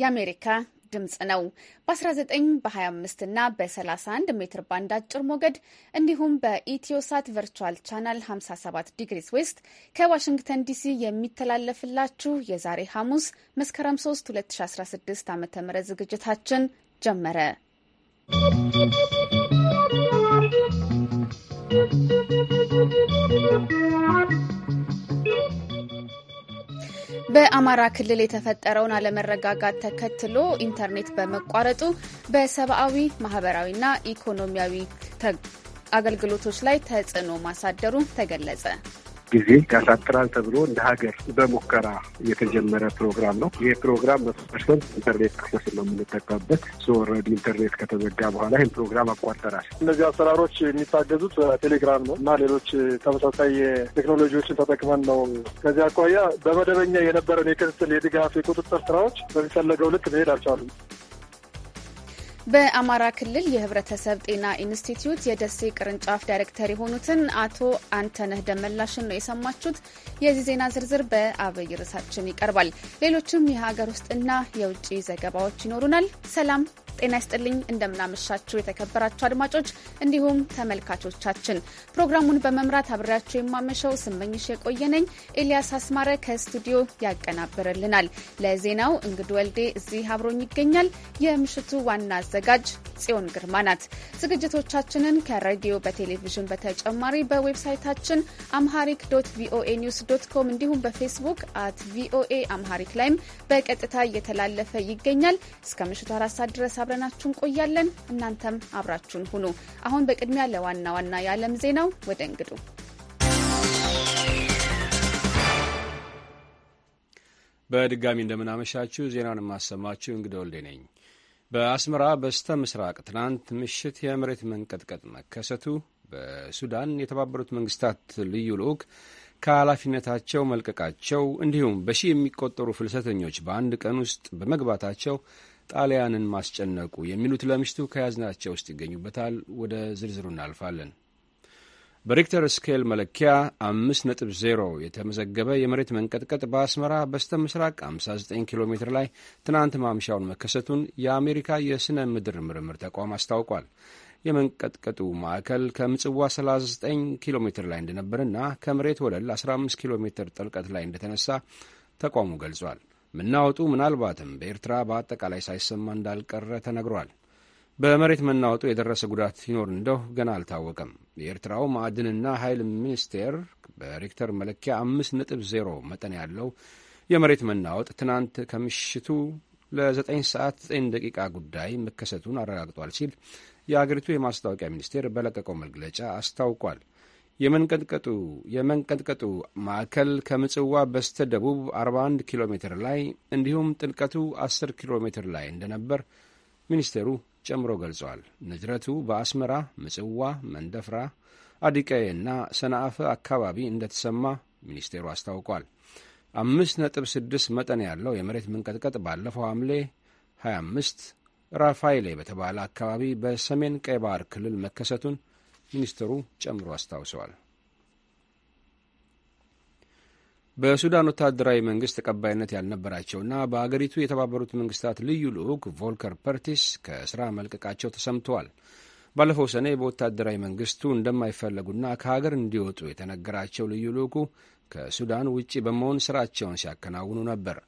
የአሜሪካ ድምጽ ነው። በ19 በ25 እና በ31 ሜትር ባንድ አጭር ሞገድ እንዲሁም በኢትዮሳት ቨርቹዋል ቻናል 57 ዲግሪስ ዌስት ከዋሽንግተን ዲሲ የሚተላለፍላችሁ የዛሬ ሐሙስ መስከረም 3 2016 ዓ ም ዝግጅታችን ጀመረ። ¶¶ በአማራ ክልል የተፈጠረውን አለመረጋጋት ተከትሎ ኢንተርኔት በመቋረጡ በሰብአዊ ማህበራዊና ኢኮኖሚያዊ አገልግሎቶች ላይ ተጽዕኖ ማሳደሩ ተገለጸ። ጊዜ ያሳጥራል ተብሎ እንደ ሀገር በሙከራ የተጀመረ ፕሮግራም ነው። ይህ ፕሮግራም መቶ ፐርሰንት ኢንተርኔት አክሰስ ነው የምንጠቀምበት። ኦልሬዲ ኢንተርኔት ከተዘጋ በኋላ ይህን ፕሮግራም አቋጠራል። እነዚህ አሰራሮች የሚታገዙት በቴሌግራም ነው እና ሌሎች ተመሳሳይ ቴክኖሎጂዎችን ተጠቅመን ነው። ከዚህ አኳያ በመደበኛ የነበረን የክትትል፣ የድጋፍ፣ የቁጥጥር ስራዎች በሚፈለገው ልክ መሄድ አልቻሉም። በአማራ ክልል የህብረተሰብ ጤና ኢንስቲትዩት የደሴ ቅርንጫፍ ዳይሬክተር የሆኑትን አቶ አንተነህ ደመላሽን ነው የሰማችሁት። የዚህ ዜና ዝርዝር በአብይ ርዕሳችን ይቀርባል። ሌሎችም የሀገር ውስጥና የውጭ ዘገባዎች ይኖሩናል። ሰላም ጤና ይስጥልኝ፣ እንደምናመሻችሁ የተከበራችሁ አድማጮች እንዲሁም ተመልካቾቻችን። ፕሮግራሙን በመምራት አብሬያችሁ የማመሸው ስመኝሽ የቆየነኝ። ኤልያስ አስማረ ከስቱዲዮ ያቀናብርልናል። ለዜናው እንግድ ወልዴ እዚህ አብሮኝ ይገኛል። የምሽቱ ዋና አዘጋጅ ጽዮን ግርማ ናት። ዝግጅቶቻችንን ከሬዲዮ በቴሌቪዥን በተጨማሪ በዌብሳይታችን አምሃሪክ ዶት ቪኦኤ ኒውስ ዶት ኮም እንዲሁም በፌስቡክ አት ቪኦኤ አምሃሪክ ላይም በቀጥታ እየተላለፈ ይገኛል። እስከ ምሽቱ አራት ሰዓት ድረስ አብረናችሁ እንቆያለን። እናንተም አብራችሁን ሁኑ። አሁን በቅድሚያ ለዋና ዋና የዓለም ዜናው ወደ እንግዱ በድጋሚ እንደምናመሻችሁ ዜናውን የማሰማችሁ እንግዲህ ወልዴ ነኝ። በአስመራ በስተ ምስራቅ ትናንት ምሽት የመሬት መንቀጥቀጥ መከሰቱ በሱዳን የተባበሩት መንግስታት ልዩ ልዑክ ከኃላፊነታቸው መልቀቃቸው እንዲሁም በሺህ የሚቆጠሩ ፍልሰተኞች በአንድ ቀን ውስጥ በመግባታቸው ጣሊያንን ማስጨነቁ የሚሉት ለምሽቱ ከያዝናቸው ውስጥ ይገኙበታል። ወደ ዝርዝሩ እናልፋለን። በሪክተር ስኬል መለኪያ 5.0 የተመዘገበ የመሬት መንቀጥቀጥ በአስመራ በስተ ምስራቅ 59 ኪሎ ሜትር ላይ ትናንት ማምሻውን መከሰቱን የአሜሪካ የሥነ ምድር ምርምር ተቋም አስታውቋል። የመንቀጥቀጡ ማዕከል ከምጽዋ 39 ኪሎ ሜትር ላይ እንደነበርና ከመሬት ወለል 15 ኪሎ ሜትር ጥልቀት ላይ እንደተነሳ ተቋሙ ገልጿል። መናወጡ ምናልባትም በኤርትራ በአጠቃላይ ሳይሰማ እንዳልቀረ ተነግሯል። በመሬት መናወጡ የደረሰ ጉዳት ሲኖር እንደው ገና አልታወቀም። የኤርትራው ማዕድንና ኃይል ሚኒስቴር በሬክተር መለኪያ አምስት ነጥብ ዜሮ መጠን ያለው የመሬት መናወጥ ትናንት ከምሽቱ ለዘጠኝ ሰዓት ዘጠኝ ደቂቃ ጉዳይ መከሰቱን አረጋግጧል ሲል የአገሪቱ የማስታወቂያ ሚኒስቴር በለቀቀው መግለጫ አስታውቋል። የመንቀጥቀጡ የመንቀጥቀጡ ማዕከል ከምጽዋ በስተ ደቡብ 41 ኪሎ ሜትር ላይ እንዲሁም ጥልቀቱ 10 ኪሎ ሜትር ላይ እንደነበር ሚኒስቴሩ ጨምሮ ገልጿል። ንዝረቱ በአስመራ፣ ምጽዋ፣ መንደፍራ፣ አዲቀዬ እና ሰናአፈ አካባቢ እንደተሰማ ሚኒስቴሩ አስታውቋል። 5.6 መጠን ያለው የመሬት መንቀጥቀጥ ባለፈው ሐምሌ 25 ራፋይሌ በተባለ አካባቢ በሰሜን ቀይ ባህር ክልል መከሰቱን ሚኒስትሩ ጨምሮ አስታውሰዋል። በሱዳን ወታደራዊ መንግስት ተቀባይነት ያልነበራቸውና በአገሪቱ የተባበሩት መንግስታት ልዩ ልዑክ ቮልከር ፐርቲስ ከስራ መልቀቃቸው ተሰምተዋል። ባለፈው ሰኔ በወታደራዊ መንግስቱ እንደማይፈለጉና ከሀገር እንዲወጡ የተነገራቸው ልዩ ልዑኩ ከሱዳን ውጪ በመሆን ስራቸውን ሲያከናውኑ ነበር።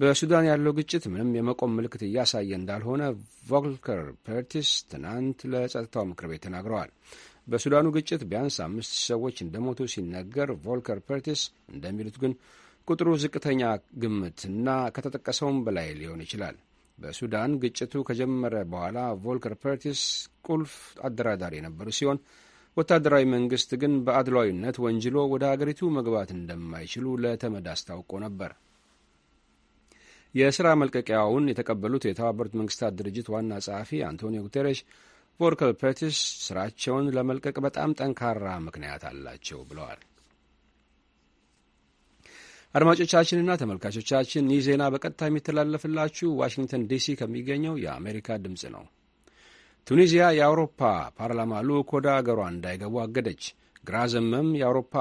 በሱዳን ያለው ግጭት ምንም የመቆም ምልክት እያሳየ እንዳልሆነ ቮልከር ፐርቲስ ትናንት ለጸጥታው ምክር ቤት ተናግረዋል። በሱዳኑ ግጭት ቢያንስ አምስት ሰዎች እንደሞቱ ሲነገር፣ ቮልከር ፐርቲስ እንደሚሉት ግን ቁጥሩ ዝቅተኛ ግምትና ከተጠቀሰውም በላይ ሊሆን ይችላል። በሱዳን ግጭቱ ከጀመረ በኋላ ቮልከር ፐርቲስ ቁልፍ አደራዳሪ የነበሩ ሲሆን ወታደራዊ መንግስት ግን በአድሏዊነት ወንጅሎ ወደ አገሪቱ መግባት እንደማይችሉ ለተመድ አስታውቆ ነበር። የሥራ መልቀቂያውን የተቀበሉት የተባበሩት መንግስታት ድርጅት ዋና ጸሐፊ አንቶኒዮ ጉቴሬሽ ቮርከል ፐርትስ ስራቸውን ለመልቀቅ በጣም ጠንካራ ምክንያት አላቸው ብለዋል። አድማጮቻችንና ተመልካቾቻችን ይህ ዜና በቀጥታ የሚተላለፍላችሁ ዋሽንግተን ዲሲ ከሚገኘው የአሜሪካ ድምፅ ነው። ቱኒዚያ የአውሮፓ ፓርላማ ልዑክ ወደ አገሯ እንዳይገቡ አገደች። ግራ ዘመም የአውሮፓ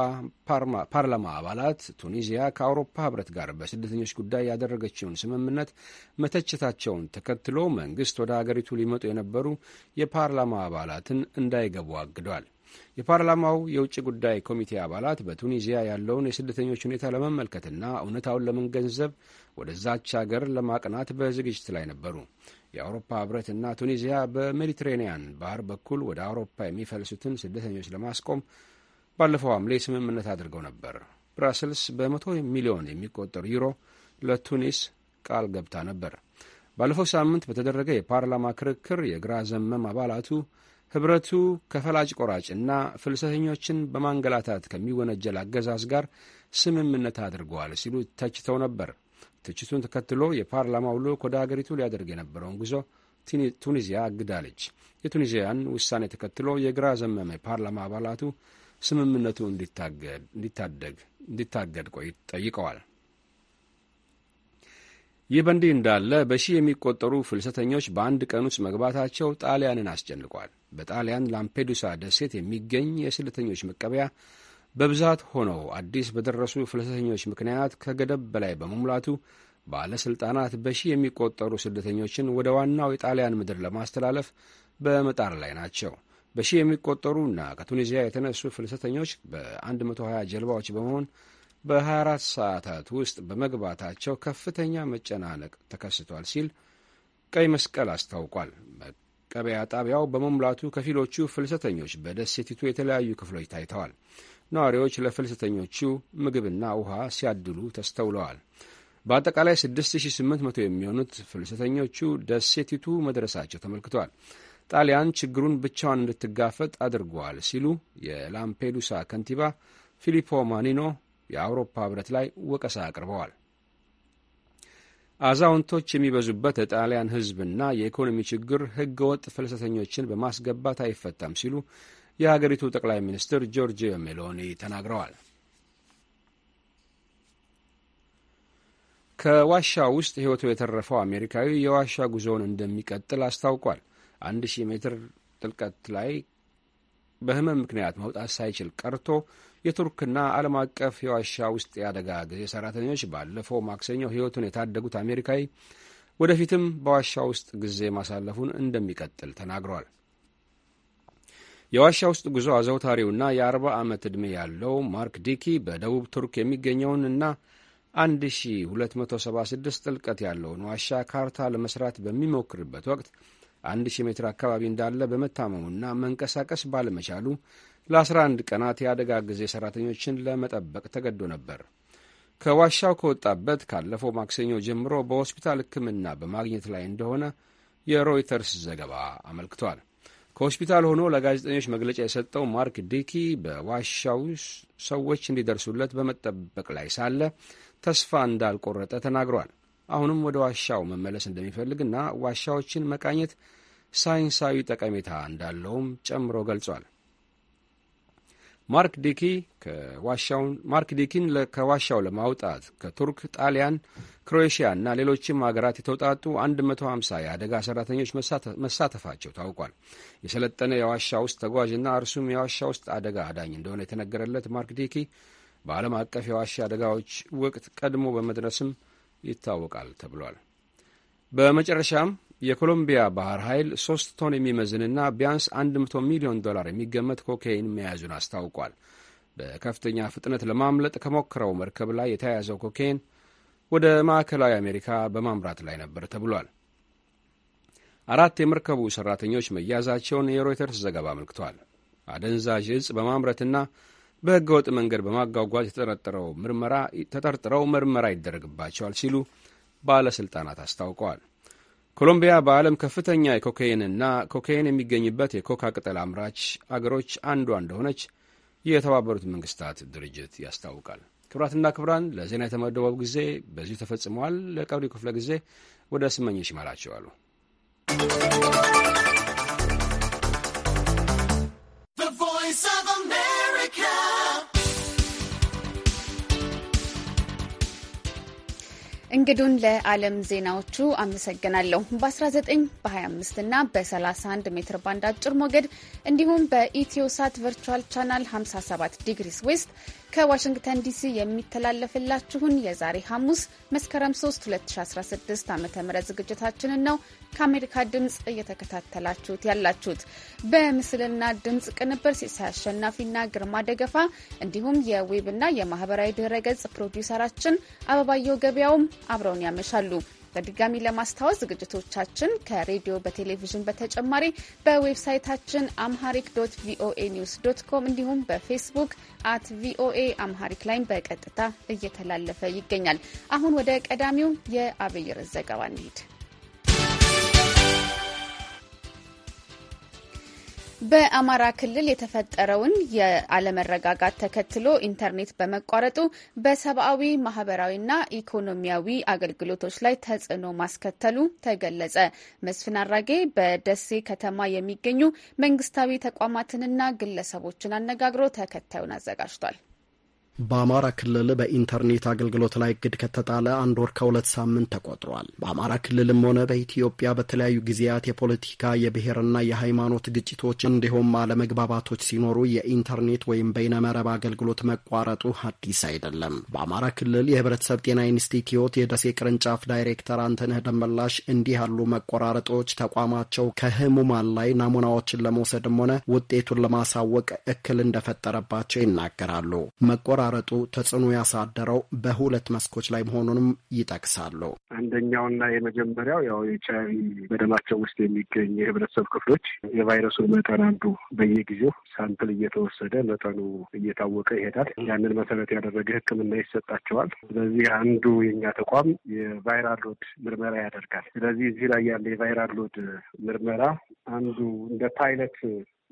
ፓርላማ አባላት ቱኒዚያ ከአውሮፓ ህብረት ጋር በስደተኞች ጉዳይ ያደረገችውን ስምምነት መተቸታቸውን ተከትሎ መንግስት ወደ አገሪቱ ሊመጡ የነበሩ የፓርላማ አባላትን እንዳይገቡ አግዷል። የፓርላማው የውጭ ጉዳይ ኮሚቴ አባላት በቱኒዚያ ያለውን የስደተኞች ሁኔታ ለመመልከትና እውነታውን ለመገንዘብ ወደዛች አገር ለማቅናት በዝግጅት ላይ ነበሩ። የአውሮፓ ህብረትና ቱኒዚያ በሜዲትሬንያን ባህር በኩል ወደ አውሮፓ የሚፈልሱትን ስደተኞች ለማስቆም ባለፈው ሐምሌ ስምምነት አድርገው ነበር። ብራስልስ በመቶ ሚሊዮን የሚቆጠሩ ዩሮ ለቱኒስ ቃል ገብታ ነበር። ባለፈው ሳምንት በተደረገ የፓርላማ ክርክር የግራ ዘመም አባላቱ ህብረቱ ከፈላጭ ቆራጭና ፍልሰተኞችን በማንገላታት ከሚወነጀል አገዛዝ ጋር ስምምነት አድርገዋል ሲሉ ተችተው ነበር። ትችቱን ተከትሎ የፓርላማው ልዑክ ወደ አገሪቱ ሊያደርግ የነበረውን ጉዞ ቱኒዚያ አግዳለች። የቱኒዚያን ውሳኔ ተከትሎ የግራ ዘመመ ፓርላማ አባላቱ ስምምነቱ እንዲታገድ ቆይ ጠይቀዋል። ይህ በእንዲህ እንዳለ በሺ የሚቆጠሩ ፍልሰተኞች በአንድ ቀን ውስጥ መግባታቸው ጣሊያንን አስጨንቋል። በጣሊያን ላምፔዱሳ ደሴት የሚገኝ የስደተኞች መቀበያ በብዛት ሆነው አዲስ በደረሱ ፍልሰተኞች ምክንያት ከገደብ በላይ በመሙላቱ ባለሥልጣናት በሺህ የሚቆጠሩ ስደተኞችን ወደ ዋናው የጣሊያን ምድር ለማስተላለፍ በመጣር ላይ ናቸው። በሺህ የሚቆጠሩና ከቱኒዚያ የተነሱ ፍልሰተኞች በ120 ጀልባዎች በመሆን በ24 ሰዓታት ውስጥ በመግባታቸው ከፍተኛ መጨናነቅ ተከስቷል ሲል ቀይ መስቀል አስታውቋል። መቀበያ ጣቢያው በመሙላቱ ከፊሎቹ ፍልሰተኞች በደሴቲቱ የተለያዩ ክፍሎች ታይተዋል። ነዋሪዎች ለፍልሰተኞቹ ምግብና ውሃ ሲያድሉ ተስተውለዋል። በአጠቃላይ 6800 የሚሆኑት ፍልሰተኞቹ ደሴቲቱ መድረሳቸው ተመልክቷል። ጣሊያን ችግሩን ብቻዋን እንድትጋፈጥ አድርጓል ሲሉ የላምፔዱሳ ከንቲባ ፊሊፖ ማኒኖ የአውሮፓ ህብረት ላይ ወቀሳ አቅርበዋል። አዛውንቶች የሚበዙበት የጣሊያን ህዝብና የኢኮኖሚ ችግር ህገወጥ ወጥ ፍልሰተኞችን በማስገባት አይፈታም ሲሉ የሀገሪቱ ጠቅላይ ሚኒስትር ጆርጂዮ ሜሎኒ ተናግረዋል። ከዋሻ ውስጥ ሕይወቱ የተረፈው አሜሪካዊ የዋሻ ጉዞውን እንደሚቀጥል አስታውቋል። አንድ ሺህ ሜትር ጥልቀት ላይ በህመም ምክንያት መውጣት ሳይችል ቀርቶ የቱርክና ዓለም አቀፍ የዋሻ ውስጥ የአደጋ ጊዜ ሰራተኞች ባለፈው ማክሰኞ ሕይወቱን የታደጉት አሜሪካዊ ወደፊትም በዋሻ ውስጥ ጊዜ ማሳለፉን እንደሚቀጥል ተናግሯል። የዋሻ ውስጥ ጉዞ አዘውታሪውና የአርባ ዓመት ዕድሜ ያለው ማርክ ዲኪ በደቡብ ቱርክ የሚገኘውን እና 1276 ጥልቀት ያለውን ዋሻ ካርታ ለመስራት በሚሞክርበት ወቅት 1000 ሜትር አካባቢ እንዳለ በመታመሙና መንቀሳቀስ ባለመቻሉ ለ11 ቀናት የአደጋ ጊዜ ሠራተኞችን ለመጠበቅ ተገዶ ነበር። ከዋሻው ከወጣበት ካለፈው ማክሰኞ ጀምሮ በሆስፒታል ሕክምና በማግኘት ላይ እንደሆነ የሮይተርስ ዘገባ አመልክቷል። ከሆስፒታል ሆኖ ለጋዜጠኞች መግለጫ የሰጠው ማርክ ዲኪ በዋሻው ሰዎች እንዲደርሱለት በመጠበቅ ላይ ሳለ ተስፋ እንዳልቆረጠ ተናግሯል። አሁንም ወደ ዋሻው መመለስ እንደሚፈልግና ዋሻዎችን መቃኘት ሳይንሳዊ ጠቀሜታ እንዳለውም ጨምሮ ገልጿል። ማርክ ዲኪ ከዋሻውን ማርክ ዲኪን ከዋሻው ለማውጣት ከቱርክ፣ ጣሊያን፣ ክሮኤሽያ እና ሌሎችም ሀገራት የተውጣጡ 150 የአደጋ ሰራተኞች መሳተፋቸው ታውቋል። የሰለጠነ የዋሻ ውስጥ ተጓዥና እርሱም የዋሻ ውስጥ አደጋ አዳኝ እንደሆነ የተነገረለት ማርክ ዲኪ በዓለም አቀፍ የዋሻ አደጋዎች ወቅት ቀድሞ በመድረስም ይታወቃል ተብሏል። በመጨረሻም የኮሎምቢያ ባህር ኃይል ሶስት ቶን የሚመዝንና ቢያንስ 100 ሚሊዮን ዶላር የሚገመት ኮካይን መያዙን አስታውቋል። በከፍተኛ ፍጥነት ለማምለጥ ከሞክረው መርከብ ላይ የተያያዘው ኮካይን ወደ ማዕከላዊ አሜሪካ በማምራት ላይ ነበር ተብሏል። አራት የመርከቡ ሠራተኞች መያዛቸውን የሮይተርስ ዘገባ አመልክቷል። አደንዛዥ እጽ በማምረትና በሕገወጥ መንገድ በማጓጓዝ ተጠርጥረው ምርመራ ይደረግባቸዋል ሲሉ ባለሥልጣናት አስታውቀዋል። ኮሎምቢያ በዓለም ከፍተኛ የኮካይንና ኮካይን የሚገኝበት የኮካ ቅጠል አምራች አገሮች አንዷ እንደሆነች የተባበሩት መንግስታት ድርጅት ያስታውቃል። ክብራትና ክብራን ለዜና የተመደበው ጊዜ በዚሁ ተፈጽመዋል። ለቀሪው ክፍለ ጊዜ ወደ ስመኝሽ ይመራቸዋሉ። እንግዱን ለዓለም ዜናዎቹ አመሰግናለሁ። በ19 በ25 እና በ31 ሜትር ባንድ አጭር ሞገድ እንዲሁም በኢትዮሳት ቨርቹዋል ቻናል 57 ዲግሪስ ዌስት ከዋሽንግተን ዲሲ የሚተላለፍላችሁን የዛሬ ሐሙስ መስከረም 3 2016 ዓ ም ዝግጅታችንን ነው ከአሜሪካ ድምፅ እየተከታተላችሁት ያላችሁት። በምስልና ድምፅ ቅንብር ሲሳይ አሸናፊና ግርማ ደገፋ እንዲሁም የዌብና የማህበራዊ ድህረ ገጽ ፕሮዲውሰራችን አበባየው ገበያውም አብረውን ያመሻሉ። በድጋሚ ለማስታወስ ዝግጅቶቻችን ከሬዲዮ በቴሌቪዥን በተጨማሪ በዌብሳይታችን አምሃሪክ ዶት ቪኦኤ ኒውስ ዶት ኮም እንዲሁም በፌስቡክ አት ቪኦኤ አምሃሪክ ላይ በቀጥታ እየተላለፈ ይገኛል። አሁን ወደ ቀዳሚው የአብይር ዘገባ እንሂድ። በአማራ ክልል የተፈጠረውን የአለመረጋጋት ተከትሎ ኢንተርኔት በመቋረጡ በሰብአዊ ማህበራዊና ኢኮኖሚያዊ አገልግሎቶች ላይ ተጽዕኖ ማስከተሉ ተገለጸ። መስፍን አራጌ በደሴ ከተማ የሚገኙ መንግስታዊ ተቋማትንና ግለሰቦችን አነጋግሮ ተከታዩን አዘጋጅቷል። በአማራ ክልል በኢንተርኔት አገልግሎት ላይ እግድ ከተጣለ አንድ ወር ከሁለት ሳምንት ተቆጥሯል። በአማራ ክልልም ሆነ በኢትዮጵያ በተለያዩ ጊዜያት የፖለቲካ የብሔርና የሃይማኖት ግጭቶች እንዲሁም አለመግባባቶች ሲኖሩ የኢንተርኔት ወይም በይነመረብ አገልግሎት መቋረጡ አዲስ አይደለም። በአማራ ክልል የህብረተሰብ ጤና ኢንስቲትዩት የደሴ ቅርንጫፍ ዳይሬክተር አንተነህ ደመላሽ እንዲህ ያሉ መቆራረጦች ተቋማቸው ከህሙማን ላይ ናሙናዎችን ለመውሰድም ሆነ ውጤቱን ለማሳወቅ እክል እንደፈጠረባቸው ይናገራሉ። መቆራረጡ ተጽዕኖ ያሳደረው በሁለት መስኮች ላይ መሆኑንም ይጠቅሳሉ። አንደኛውና የመጀመሪያው ያው ኤች አይ ቪ በደማቸው ውስጥ የሚገኝ የህብረተሰብ ክፍሎች የቫይረሱን መጠን አንዱ በየጊዜው ሳምፕል እየተወሰደ መጠኑ እየታወቀ ይሄዳል። ያንን መሰረት ያደረገ ሕክምና ይሰጣቸዋል። ስለዚህ አንዱ የኛ ተቋም የቫይራል ሎድ ምርመራ ያደርጋል። ስለዚህ እዚህ ላይ ያለ የቫይራል ሎድ ምርመራ አንዱ እንደ ፓይለት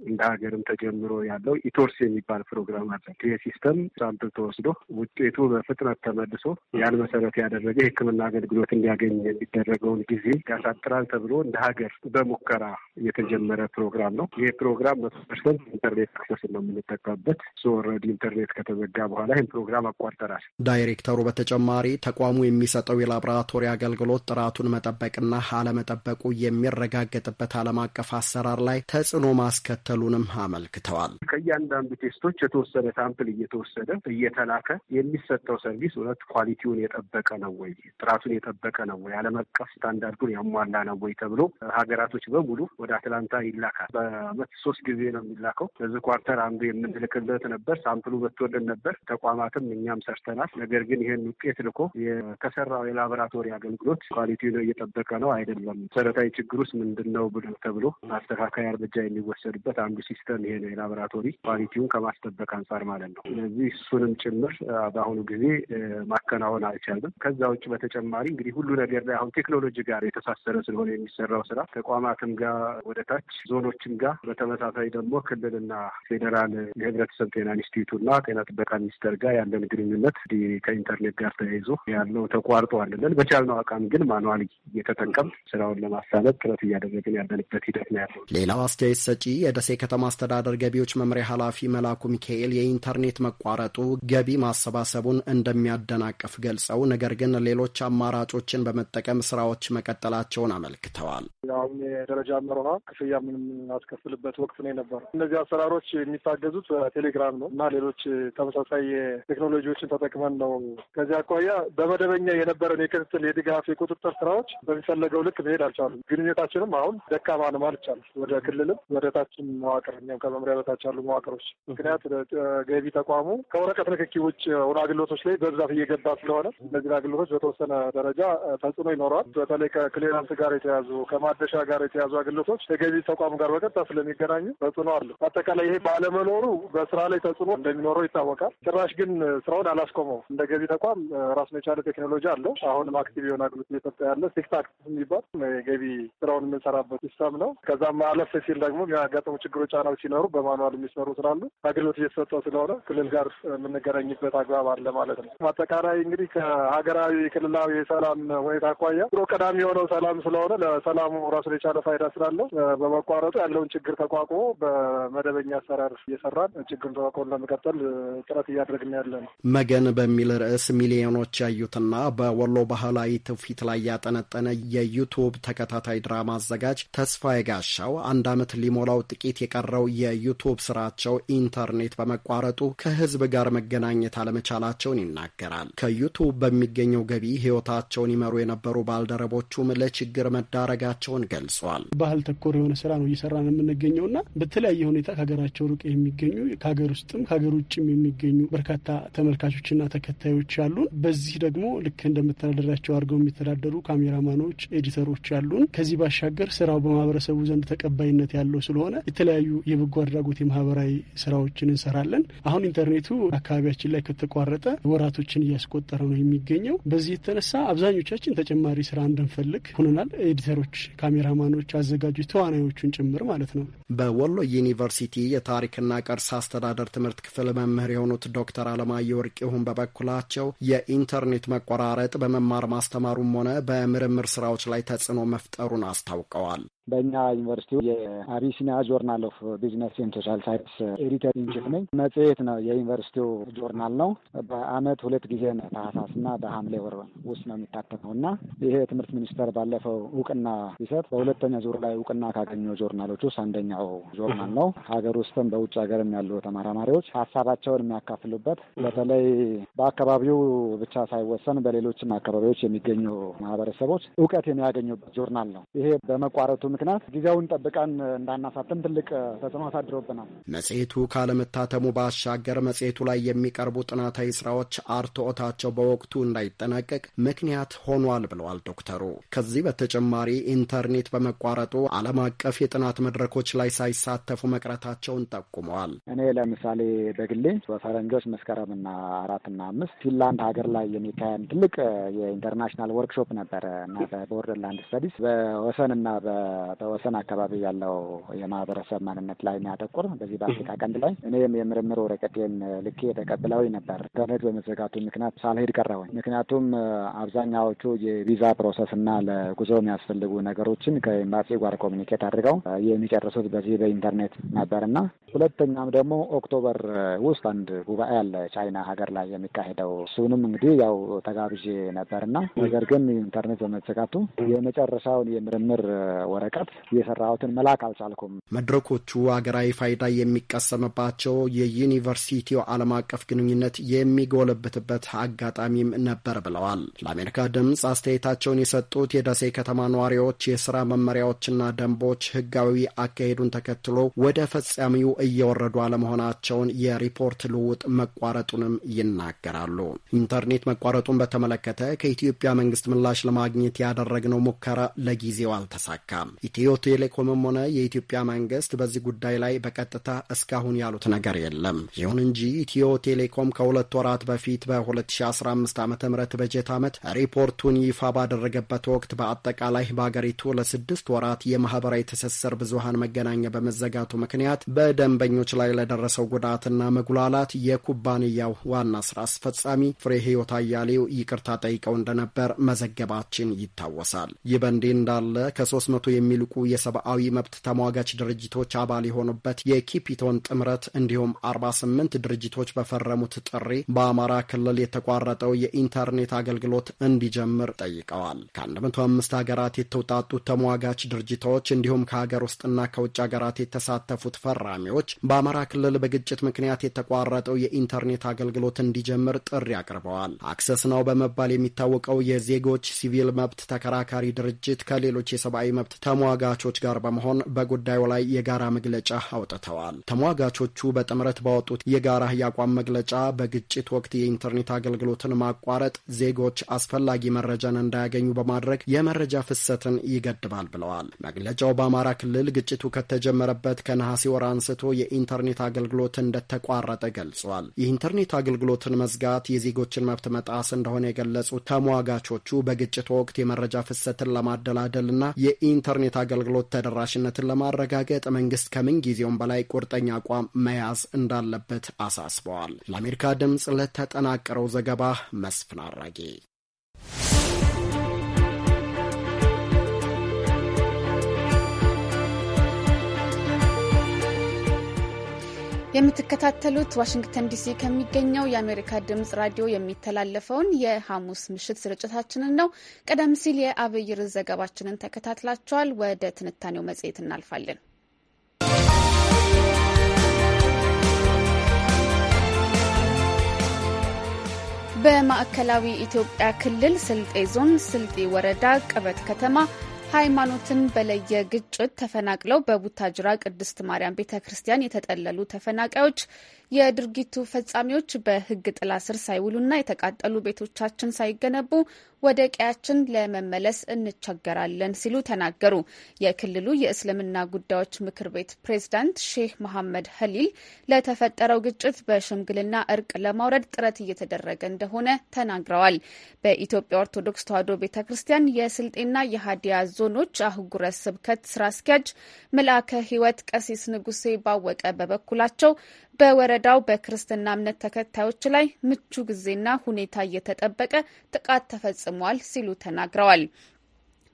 እንደ ሀገርም ተጀምሮ ያለው ኢቶርስ የሚባል ፕሮግራም አለ። ይህ ሲስተም ሳምፕል ተወስዶ ውጤቱ በፍጥነት ተመልሶ ያን መሰረት ያደረገ የሕክምና አገልግሎት እንዲያገኝ የሚደረገውን ጊዜ ያሳጥራል ተብሎ እንደ ሀገር በሙከራ የተጀመረ ፕሮግራም ነው። ይህ ፕሮግራም መቶ ፐርሰንት ኢንተርኔት አክሰስ ነው የምንጠቀምበት። ኦልሬዲ ኢንተርኔት ከተዘጋ በኋላ ይህን ፕሮግራም አቋርጠናል። ዳይሬክተሩ በተጨማሪ ተቋሙ የሚሰጠው የላቦራቶሪ አገልግሎት ጥራቱን መጠበቅና አለመጠበቁ የሚረጋገጥበት ዓለም አቀፍ አሰራር ላይ ተጽዕኖ ማስከተል መከልከሉንም አመልክተዋል። ከእያንዳንዱ ቴስቶች የተወሰነ ሳምፕል እየተወሰደ እየተላከ የሚሰጠው ሰርቪስ እውነት ኳሊቲውን የጠበቀ ነው ወይ፣ ጥራቱን የጠበቀ ነው ወይ፣ ዓለም አቀፍ ስታንዳርዱን ያሟላ ነው ወይ ተብሎ ሀገራቶች በሙሉ ወደ አትላንታ ይላካል። በአመት ሶስት ጊዜ ነው የሚላከው። በዚህ ኳርተር አንዱ የምንልክለት ነበር። ሳምፕሉ በትወልን ነበር። ተቋማትም እኛም ሰርተናል። ነገር ግን ይህን ውጤት ልኮ የተሰራው የላቦራቶሪ አገልግሎት ነው እየጠበቀ ነው አይደለም፣ መሰረታዊ ችግር ውስጥ ምንድን ነው ብሎ ተብሎ ማስተካከያ እርምጃ የሚወሰድበት የሚሰራበት አንዱ ሲስተም ይሄ ነው፣ የላቦራቶሪ ኳሊቲውን ከማስጠበቅ አንጻር ማለት ነው። ስለዚህ እሱንም ጭምር በአሁኑ ጊዜ ማከናወን አልቻለም። ከዛ ውጭ በተጨማሪ እንግዲህ ሁሉ ነገር ላይ አሁን ቴክኖሎጂ ጋር የተሳሰረ ስለሆነ የሚሰራው ስራ ተቋማትም ጋር ወደ ታች ዞኖችም ጋር በተመሳሳይ ደግሞ ክልልና ፌዴራል የህብረተሰብ ጤና ኢንስቲትዩትና ጤና ጥበቃ ሚኒስቴር ጋር ያለን ግንኙነት ከኢንተርኔት ጋር ተያይዞ ያለው ተቋርጦ አለለን። በቻልነው አቃም ግን ማንዋል እየተጠቀም ስራውን ለማሳለጥ ጥረት እያደረግን ያለንበት ሂደት ነው ያለው። ሌላው አስተያየት ሰጪ የደ የደረሰ የከተማ አስተዳደር ገቢዎች መምሪያ ኃላፊ መላኩ ሚካኤል የኢንተርኔት መቋረጡ ገቢ ማሰባሰቡን እንደሚያደናቅፍ ገልጸው፣ ነገር ግን ሌሎች አማራጮችን በመጠቀም ስራዎች መቀጠላቸውን አመልክተዋል። አሁን የደረጃ መሮሃ ክፍያ ምንም ወቅት ነው የነበረ። እነዚህ አሰራሮች የሚታገዙት በቴሌግራም ነው እና ሌሎች ተመሳሳይ ቴክኖሎጂዎችን ተጠቅመን ነው። ከዚህ አኳያ በመደበኛ የነበረን የክትትል፣ የድጋፍ፣ የቁጥጥር ስራዎች በሚፈለገው ልክ መሄድ አልቻሉም። ግንኙነታችንም አሁን ደካማ ነው ማለት ይቻላል። ወደ ክልልም ወደ ታችም መዋቅር እኛም ከመምሪያ በታች ያሉ መዋቅሮች ምክንያት ገቢ ተቋሙ ከወረቀት ንክኪ ውጭ ሆነ አገልግሎቶች ላይ በብዛት እየገባ ስለሆነ እነዚህን አገልግሎቶች በተወሰነ ደረጃ ተጽዕኖ ይኖረዋል። በተለይ ከክሊራንስ ጋር የተያዙ ከማደሻ ጋር የተያዙ አገልግሎቶች ከገቢ ተቋሙ ጋር በቀጥታ ስለሚገናኙ ተጽዕኖ አለው። አጠቃላይ ይሄ ባለመኖሩ በስራ ላይ ተጽዕኖ እንደሚኖረው ይታወቃል። ጭራሽ ግን ስራውን አላስቆመው። እንደ ገቢ ተቋም ራሱን የቻለ ቴክኖሎጂ አለው። አሁንም አክቲቭ የሆነ አገልግሎት እየሰጠ ያለ ሴክስ አክቲቭ የሚባል የገቢ ስራውን የምንሰራበት ሲስተም ነው። ከዛም አለፍ ሲል ደግሞ የሚያጋጥሙ ችግሮች፣ ጫናዎች ሲኖሩ በማኑዋል የሚሰሩ ስላሉ አገልግሎት እየተሰጠ ስለሆነ ክልል ጋር የምንገናኝበት አግባብ አለ ማለት ነው። አጠቃላይ እንግዲህ ከሀገራዊ ክልላዊ የሰላም ሁኔታ አኳያ ድሮ ቀዳሚ የሆነው ሰላም ስለሆነ ለሰላሙ ራሱን የቻለ ፋይዳ ስላለው በመቋረጡ ያለውን ችግር ተቋቁሞ በመደበኛ አሰራር እየሰራን ችግር ተቋቁሞን ለመቀጠል ጥረት እያደረግን ያለ ነው። መገን በሚል ርዕስ ሚሊዮኖች ያዩትና በወሎ ባህላዊ ትውፊት ላይ ያጠነጠነ የዩቱብ ተከታታይ ድራማ አዘጋጅ ተስፋ ጋሻው አንድ ዓመት ሊሞላው ጥቂት ጥቂት የቀረው የዩቱብ ስራቸው ኢንተርኔት በመቋረጡ ከህዝብ ጋር መገናኘት አለመቻላቸውን ይናገራል። ከዩቱብ በሚገኘው ገቢ ህይወታቸውን ይመሩ የነበሩ ባልደረቦቹም ለችግር መዳረጋቸውን ገልጿል። ባህል ተኮር የሆነ ስራ ነው እየሰራ ነው የምንገኘው እና በተለያየ ሁኔታ ከሀገራቸው ሩቅ የሚገኙ ከሀገር ውስጥም ከሀገር ውጭም የሚገኙ በርካታ ተመልካቾችና ተከታዮች አሉን። በዚህ ደግሞ ልክ እንደምተዳደራቸው አድርገው የሚተዳደሩ ካሜራማኖች፣ ኤዲተሮች አሉን። ከዚህ ባሻገር ስራው በማህበረሰቡ ዘንድ ተቀባይነት ያለው ስለሆነ የተለያዩ የበጎ አድራጎት የማህበራዊ ስራዎችን እንሰራለን። አሁን ኢንተርኔቱ አካባቢያችን ላይ ከተቋረጠ ወራቶችን እያስቆጠረ ነው የሚገኘው። በዚህ የተነሳ አብዛኞቻችን ተጨማሪ ስራ እንድንፈልግ ሆነናል። ኤዲተሮች፣ ካሜራማኖች፣ አዘጋጆች፣ ተዋናዮቹን ጭምር ማለት ነው። በወሎ ዩኒቨርሲቲ የታሪክና ቅርስ አስተዳደር ትምህርት ክፍል መምህር የሆኑት ዶክተር አለማየሁ ወርቅሁን በበኩላቸው የኢንተርኔት መቆራረጥ በመማር ማስተማሩም ሆነ በምርምር ስራዎች ላይ ተጽዕኖ መፍጠሩን አስታውቀዋል። በእኛ ዩኒቨርሲቲ የአቢሲኒያ ጆርናል ኦፍ ቢዝነስ ኤንድ ሶሻል ሳይንስ ኤዲተር ኢን ነኝ። መጽሔት ነው፣ የዩኒቨርሲቲው ጆርናል ነው። በአመት ሁለት ጊዜ ነው፣ ታህሳስና በሐምሌ ወር ውስጥ ነው የሚታተመው እና ይሄ ትምህርት ሚኒስቴር ባለፈው እውቅና ሲሰጥ በሁለተኛ ዙር ላይ እውቅና ካገኘው ጆርናሎች ውስጥ አንደኛው ጆርናል ነው። ሀገር ውስጥም በውጭ ሀገርም ያሉ ተመራማሪዎች ሀሳባቸውን የሚያካፍሉበት በተለይ በአካባቢው ብቻ ሳይወሰን በሌሎችም አካባቢዎች የሚገኙ ማህበረሰቦች እውቀት የሚያገኙበት ጆርናል ነው። ይሄ በመቋረቱ ምክንያት ጊዜውን ጠብቀን እንዳናሳትም ትልቅ ተጽዕኖ አሳድሮብናል። መጽሔቱ ካለመታተሙ ባሻገር መጽሔቱ ላይ የሚቀርቡ ጥናታዊ ስራዎች አርትዖታቸው በወቅቱ እንዳይጠናቀቅ ምክንያት ሆኗል ብለዋል ዶክተሩ። ከዚህ በተጨማሪ ኢንተርኔት በመቋረጡ ዓለም አቀፍ የጥናት መድረኮች ላይ ሳይሳተፉ መቅረታቸውን ጠቁመዋል። እኔ ለምሳሌ በግሌ በፈረንጆች መስከረምና አራትና አምስት ፊንላንድ ሀገር ላይ የሚካሄድ ትልቅ የኢንተርናሽናል ወርክሾፕ ነበረ እና በቦርደርላንድ ስተዲስ በወሰንና በወሰን አካባቢ ያለው የማህበረሰብ ማንነት ላይ የሚያተኩር በዚህ በአፍሪካ ቀንድ ላይ እኔም የምርምር ወረቀቴን ልኬ ተቀብለውኝ ነበር። ኢንተርኔት በመዘጋቱ ምክንያት ሳልሄድ ቀረሁኝ። ምክንያቱም አብዛኛዎቹ የቪዛ ፕሮሰስ እና ለጉዞ የሚያስፈልጉ ነገሮችን ከኤምባሲ ጋር ኮሚኒኬት አድርገው የሚጨርሱት በዚህ በኢንተርኔት ነበር እና ሁለተኛም ደግሞ ኦክቶበር ውስጥ አንድ ጉባኤ አለ ቻይና ሀገር ላይ የሚካሄደው እሱንም እንግዲህ ያው ተጋብዤ ነበር እና ነገር ግን ኢንተርኔት በመዘጋቱ የመጨረሻውን የምርምር ወረ ርቀት የሰራሁትን መላክ አልቻልኩም። መድረኮቹ ሀገራዊ ፋይዳ የሚቀሰምባቸው የዩኒቨርሲቲው ዓለም አቀፍ ግንኙነት የሚጎለብትበት አጋጣሚም ነበር ብለዋል። ለአሜሪካ ድምፅ አስተያየታቸውን የሰጡት የደሴ ከተማ ነዋሪዎች የስራ መመሪያዎችና ደንቦች ህጋዊ አካሄዱን ተከትሎ ወደ ፈጻሚው እየወረዱ አለመሆናቸውን የሪፖርት ልውጥ መቋረጡንም ይናገራሉ። ኢንተርኔት መቋረጡን በተመለከተ ከኢትዮጵያ መንግስት ምላሽ ለማግኘት ያደረግነው ሙከራ ለጊዜው አልተሳካም። ኢትዮ ቴሌኮምም ሆነ የኢትዮጵያ መንግስት በዚህ ጉዳይ ላይ በቀጥታ እስካሁን ያሉት ነገር የለም። ይሁን እንጂ ኢትዮ ቴሌኮም ከሁለት ወራት በፊት በ2015 ዓ ም በጀት ዓመት ሪፖርቱን ይፋ ባደረገበት ወቅት በአጠቃላይ በአገሪቱ ለስድስት ወራት የማህበራዊ ትስስር ብዙሀን መገናኛ በመዘጋቱ ምክንያት በደንበኞች ላይ ለደረሰው ጉዳትና መጉላላት የኩባንያው ዋና ስራ አስፈጻሚ ፍሬ ህይወት አያሌው ይቅርታ ጠይቀው እንደነበር መዘገባችን ይታወሳል። ይህ በእንዲህ እንዳለ ከ300 የሚ የሚልቁ የሰብአዊ መብት ተሟጋች ድርጅቶች አባል የሆኑበት የኪፒቶን ጥምረት እንዲሁም 48 ድርጅቶች በፈረሙት ጥሪ በአማራ ክልል የተቋረጠው የኢንተርኔት አገልግሎት እንዲጀምር ጠይቀዋል። ከ105 ሀገራት የተውጣጡ ተሟጋች ድርጅቶች እንዲሁም ከሀገር ውስጥና ከውጭ ሀገራት የተሳተፉት ፈራሚዎች በአማራ ክልል በግጭት ምክንያት የተቋረጠው የኢንተርኔት አገልግሎት እንዲጀምር ጥሪ አቅርበዋል። አክሰስ ነው በመባል የሚታወቀው የዜጎች ሲቪል መብት ተከራካሪ ድርጅት ከሌሎች የሰብአዊ መብት ተሟ ተሟጋቾች ጋር በመሆን በጉዳዩ ላይ የጋራ መግለጫ አውጥተዋል። ተሟጋቾቹ በጥምረት ባወጡት የጋራ የአቋም መግለጫ በግጭት ወቅት የኢንተርኔት አገልግሎትን ማቋረጥ ዜጎች አስፈላጊ መረጃን እንዳያገኙ በማድረግ የመረጃ ፍሰትን ይገድባል ብለዋል። መግለጫው በአማራ ክልል ግጭቱ ከተጀመረበት ከነሐሴ ወር አንስቶ የኢንተርኔት አገልግሎት እንደተቋረጠ ገልጿል። የኢንተርኔት አገልግሎትን መዝጋት የዜጎችን መብት መጣስ እንደሆነ የገለጹት ተሟጋቾቹ በግጭቱ ወቅት የመረጃ ፍሰትን ለማደላደልና የኢንተርኔት የኢንተርኔት አገልግሎት ተደራሽነትን ለማረጋገጥ መንግስት ከምን ጊዜውም በላይ ቁርጠኛ አቋም መያዝ እንዳለበት አሳስበዋል። ለአሜሪካ ድምፅ ለተጠናቀረው ዘገባ መስፍን አራጌ የምትከታተሉት ዋሽንግተን ዲሲ ከሚገኘው የአሜሪካ ድምጽ ራዲዮ የሚተላለፈውን የሐሙስ ምሽት ስርጭታችንን ነው። ቀደም ሲል የአብይር ዘገባችንን ተከታትላችኋል። ወደ ትንታኔው መጽሔት እናልፋለን። በማዕከላዊ ኢትዮጵያ ክልል ስልጤ ዞን ስልጤ ወረዳ ቅበት ከተማ ሃይማኖትን በለየ ግጭት ተፈናቅለው በቡታጅራ ቅድስት ማርያም ቤተ ክርስቲያን የተጠለሉ ተፈናቃዮች የድርጊቱ ፈጻሚዎች በህግ ጥላ ስር ሳይውሉና የተቃጠሉ ቤቶቻችን ሳይገነቡ ወደ ቀያችን ለመመለስ እንቸገራለን ሲሉ ተናገሩ። የክልሉ የእስልምና ጉዳዮች ምክር ቤት ፕሬዝዳንት ሼህ መሐመድ ሀሊል ለተፈጠረው ግጭት በሽምግልና እርቅ ለማውረድ ጥረት እየተደረገ እንደሆነ ተናግረዋል። በኢትዮጵያ ኦርቶዶክስ ተዋሕዶ ቤተ ክርስቲያን የስልጤና የሀዲያ ዞኖች አህጉረ ስብከት ስራ አስኪያጅ መልአከ ሕይወት ቀሲስ ንጉሴ ባወቀ በበኩላቸው በወረዳው በክርስትና እምነት ተከታዮች ላይ ምቹ ጊዜና ሁኔታ እየተጠበቀ ጥቃት ተፈጽሟል ሲሉ ተናግረዋል።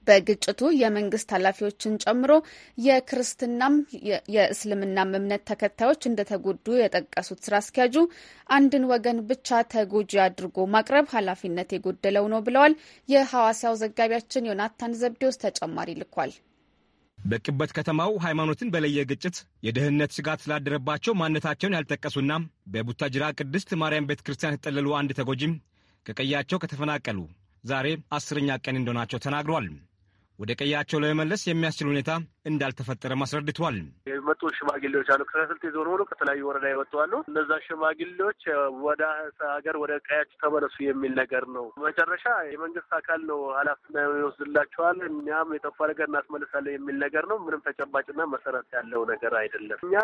በግጭቱ የመንግስት ኃላፊዎችን ጨምሮ የክርስትናም የእስልምናም እምነት ተከታዮች እንደተጎዱ የጠቀሱት ስራ አስኪያጁ አንድን ወገን ብቻ ተጎጂ አድርጎ ማቅረብ ኃላፊነት የጎደለው ነው ብለዋል። የሐዋሳው ዘጋቢያችን ዮናታን ዘብዴዎስ ተጨማሪ ልኳል። በቅበት ከተማው ሃይማኖትን በለየ ግጭት የደህንነት ስጋት ስላደረባቸው ማንነታቸውን ያልጠቀሱና በቡታጅራ ቅድስት ማርያም ቤተ ክርስቲያን የተጠለሉ አንድ ተጎጂም ከቀያቸው ከተፈናቀሉ ዛሬ አስረኛ ቀን እንደሆናቸው ተናግሯል። ወደ ቀያቸው ለመመለስ የሚያስችል ሁኔታ እንዳልተፈጠረም አስረድቷል። የመጡ ሽማግሌዎች አሉ። ከስልጤ ዞን ሆኖ ከተለያዩ ወረዳ የመጡ አሉ። እነዛ ሽማግሌዎች ወደ ሀገር ወደ ቀያቸው ተመለሱ የሚል ነገር ነው። መጨረሻ የመንግስት አካል ነው ኃላፊና ይወስድላቸዋል። እኛም የጠፋ ነገር እናስመልሳለን የሚል ነገር ነው። ምንም ተጨባጭና መሰረት ያለው ነገር አይደለም። እኛ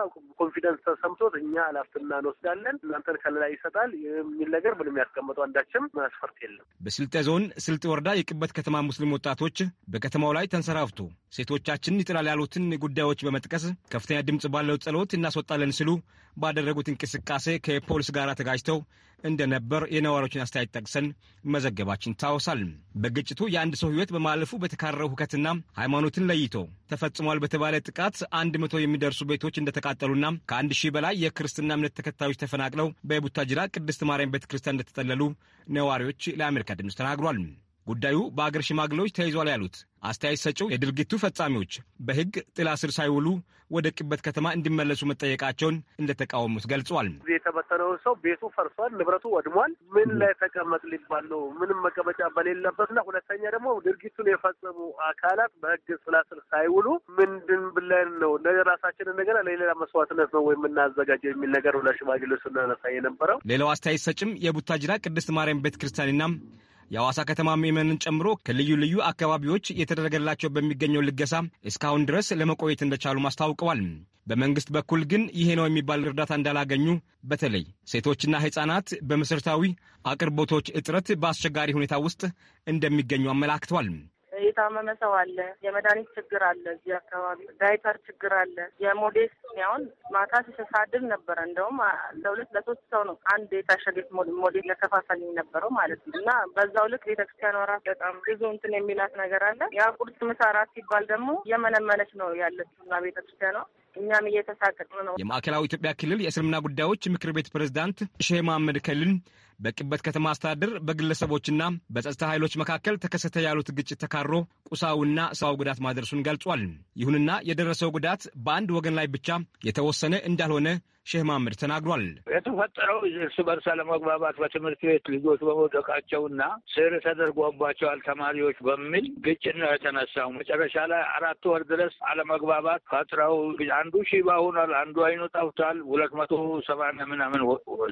ኮንፊደንስ ተሰምቶት እኛ ኃላፊና እንወስዳለን እናንተን ከላይ ይሰጣል የሚል ነገር ምንም ያስቀመጡ አንዳችም መስፈርት የለም። በስልጤ ዞን ስልጤ ወረዳ የቅበት ከተማ ሙስሊም ወጣቶች በከተማው ላይ ተንሰራፍቶ ሴቶቻችን ይጥላል ያሉትን ጉዳዮች በመጥቀስ ከፍተኛ ድምፅ ባለው ጸሎት እናስወጣለን ሲሉ ባደረጉት እንቅስቃሴ ከፖሊስ ጋር ተጋጅተው እንደነበር የነዋሪዎችን አስተያየት ጠቅሰን መዘገባችን ታወሳል። በግጭቱ የአንድ ሰው ሕይወት በማለፉ በተካረረው ሁከትና ሃይማኖትን ለይቶ ተፈጽሟል በተባለ ጥቃት አንድ መቶ የሚደርሱ ቤቶች እንደተቃጠሉና ከአንድ ሺህ በላይ የክርስትና እምነት ተከታዮች ተፈናቅለው በቡታጅራ ቅድስት ማርያም ቤተክርስቲያን እንደተጠለሉ ነዋሪዎች ለአሜሪካ ድምፅ ተናግሯል። ጉዳዩ በአገር ሽማግሌዎች ተይዟል ያሉት አስተያየት ሰጪው የድርጊቱ ፈጻሚዎች በሕግ ጥላ ስር ሳይውሉ ወደ ቅበት ከተማ እንዲመለሱ መጠየቃቸውን እንደተቃወሙት ገልጿል። የተበተነው ሰው ቤቱ ፈርሷል፣ ንብረቱ ወድሟል። ምን ላይ ተቀመጥ ሊባል ነው? ምንም መቀመጫ በሌለበትና ሁለተኛ ደግሞ ድርጊቱን የፈጸሙ አካላት በሕግ ጥላ ስር ሳይውሉ ምንድን ብለን ነው ለራሳችን ነገር ለሌላ መስዋዕትነት ነው ወይም የምናዘጋጀው የሚል ነገር ለሽማግሌዎች ስናነሳ የነበረው ሌላው አስተያየት ሰጭም የቡታጅራ ቅድስት ማርያም ቤተ ክርስቲያንና የሐዋሳ ከተማ ምዕመንን ጨምሮ ከልዩ ልዩ አካባቢዎች እየተደረገላቸው በሚገኘው ልገሳ እስካሁን ድረስ ለመቆየት እንደቻሉ አስታውቀዋል። በመንግስት በኩል ግን ይሄ ነው የሚባል እርዳታ እንዳላገኙ በተለይ ሴቶችና ሕፃናት በመሠረታዊ አቅርቦቶች እጥረት በአስቸጋሪ ሁኔታ ውስጥ እንደሚገኙ አመላክተዋል። የታመመ ሰው አለ። የመድኃኒት ችግር አለ። እዚህ አካባቢ ዳይፐር ችግር አለ። የሞዴስ ያሁን ማታ ሲሰሳድር ነበረ። እንደውም ለሁለት ለሶስት ሰው ነው አንድ የታሸገች ሞዴል ለከፋፈልኝ ነበረው ማለት ነው። እና በዛው ልክ ቤተክርስቲያኗ ራሱ በጣም ብዙ እንትን የሚላት ነገር አለ። ያ ቁርስ፣ ምሳ፣ እራት ሲባል ደግሞ የመነመነች ነው ያለችው እና ቤተክርስቲያኗ እኛም እየተሳቀቅን ነው። የማዕከላዊ ኢትዮጵያ ክልል የእስልምና ጉዳዮች ምክር ቤት ፕሬዝዳንት ሼህ መሐመድ ከልን በቅበት ከተማ አስተዳደር በግለሰቦችና በጸጥታ ኃይሎች መካከል ተከሰተ ያሉት ግጭት ተካሮ ቁሳዊና ሰዋዊ ጉዳት ማድረሱን ገልጿል። ይሁንና የደረሰው ጉዳት በአንድ ወገን ላይ ብቻ የተወሰነ እንዳልሆነ ሼህ ማምር ተናግሯል። የተፈጠረው እርስ በርስ አለመግባባት በትምህርት ቤት ልጆች በመውደቃቸውና ስር ተደርጎባቸዋል ተማሪዎች በሚል ግጭት ነው የተነሳው። መጨረሻ ላይ አራት ወር ድረስ አለመግባባት ፈጥረው አንዱ ሺባ ሆኗል፣ አንዱ አይኑ ጠፍቷል። ሁለት መቶ ሰማንያ ምናምን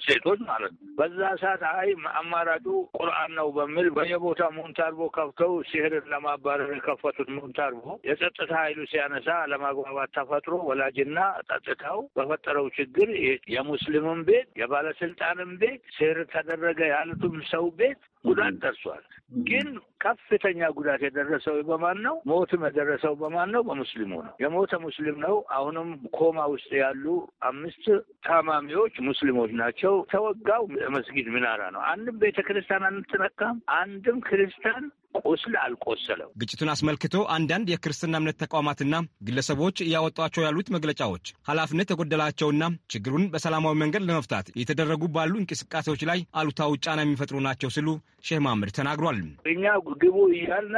ሴቶች ማለት ነው። በዛ ሰዓት አይ አማራጩ ቁርአን ነው በሚል በየቦታ ሙንታርቦ ከፍተው ሲህርን ለማባረር የከፈቱት ሙንታርቦ የጸጥታ ኃይሉ ሲያነሳ አለመግባባት ተፈጥሮ ወላጅና ጸጥታው በፈጠረው ችግር ግን የሙስሊምም ቤት የባለስልጣንም ቤት ስር ተደረገ ያሉትም ሰው ቤት ጉዳት ደርሷል። ግን ከፍተኛ ጉዳት የደረሰው በማን ነው? ሞትም የደረሰው በማን ነው? በሙስሊሙ ነው። የሞተ ሙስሊም ነው። አሁንም ኮማ ውስጥ ያሉ አምስት ታማሚዎች ሙስሊሞች ናቸው። ተወጋው መስጊድ ሚናራ ነው። አንድም ቤተ ክርስቲያን አንትነካም። አንድም ክርስቲያን ቁስል አልቆሰለም። ግጭቱን አስመልክቶ አንዳንድ የክርስትና እምነት ተቋማትና ግለሰቦች እያወጧቸው ያሉት መግለጫዎች ኃላፊነት የጎደላቸውና ችግሩን በሰላማዊ መንገድ ለመፍታት የተደረጉ ባሉ እንቅስቃሴዎች ላይ አሉታዊ ጫና የሚፈጥሩ ናቸው ሲሉ ሼህ መሐመድ ተናግሯል። እኛ ግቡ እያልን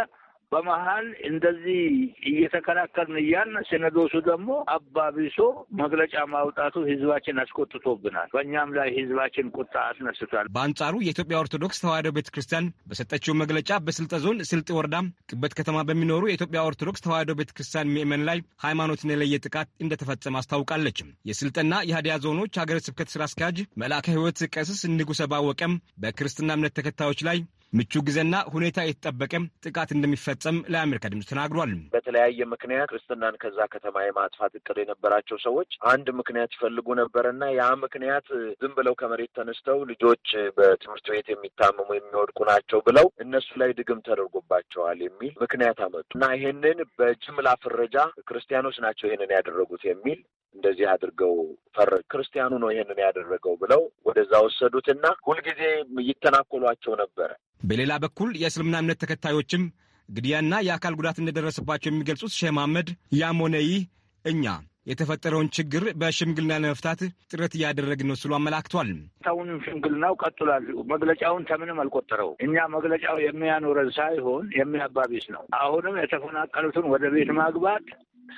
በመሀል እንደዚህ እየተከራከርን እያልን ሲነዶሱ ደግሞ አባቢሶ መግለጫ ማውጣቱ ህዝባችን አስቆጥቶብናል። በእኛም ላይ ህዝባችን ቁጣ አስነስቷል። በአንጻሩ የኢትዮጵያ ኦርቶዶክስ ተዋህዶ ቤተ ክርስቲያን በሰጠችው መግለጫ በስልጠ ዞን ስልጥ ወረዳ ቅበት ከተማ በሚኖሩ የኢትዮጵያ ኦርቶዶክስ ተዋህዶ ቤተ ክርስቲያን ምዕመን ላይ ሃይማኖትን የለየ ጥቃት እንደተፈጸመ አስታውቃለች። የስልጠና የሀዲያ ዞኖች ሀገረ ስብከት ስራ አስኪያጅ መልአከ ህይወት ቀስስ ንጉሰ ባወቀም በክርስትና እምነት ተከታዮች ላይ ምቹ ጊዜና ሁኔታ የተጠበቀም ጥቃት እንደሚፈጸም ለአሜሪካ ድምፅ ተናግሯል። በተለያየ ምክንያት ክርስትናን ከዛ ከተማ የማጥፋት እቅድ የነበራቸው ሰዎች አንድ ምክንያት ይፈልጉ ነበርና ያ ምክንያት ዝም ብለው ከመሬት ተነስተው ልጆች በትምህርት ቤት የሚታመሙ የሚወድቁ ናቸው ብለው እነሱ ላይ ድግም ተደርጎባቸዋል የሚል ምክንያት አመጡ እና ይሄንን በጅምላ ፍረጃ ክርስቲያኖች ናቸው ይህንን ያደረጉት የሚል እንደዚህ አድርገው ፈረ ክርስቲያኑ ነው ይህንን ያደረገው ብለው ወደዛ ወሰዱትና ሁልጊዜ ይተናኮሏቸው ነበረ። በሌላ በኩል የእስልምና እምነት ተከታዮችም ግድያና የአካል ጉዳት እንደደረሰባቸው የሚገልጹት ሼህ መሐመድ ያሞነይ እኛ የተፈጠረውን ችግር በሽምግልና ለመፍታት ጥረት እያደረግን ነው ስሉ አመላክቷል። ታውን ሽምግልናው ቀጥሏል። መግለጫውን ከምንም አልቆጠረው። እኛ መግለጫው የሚያኖረን ሳይሆን የሚያባቢስ ነው። አሁንም የተፈናቀሉትን ወደ ቤት ማግባት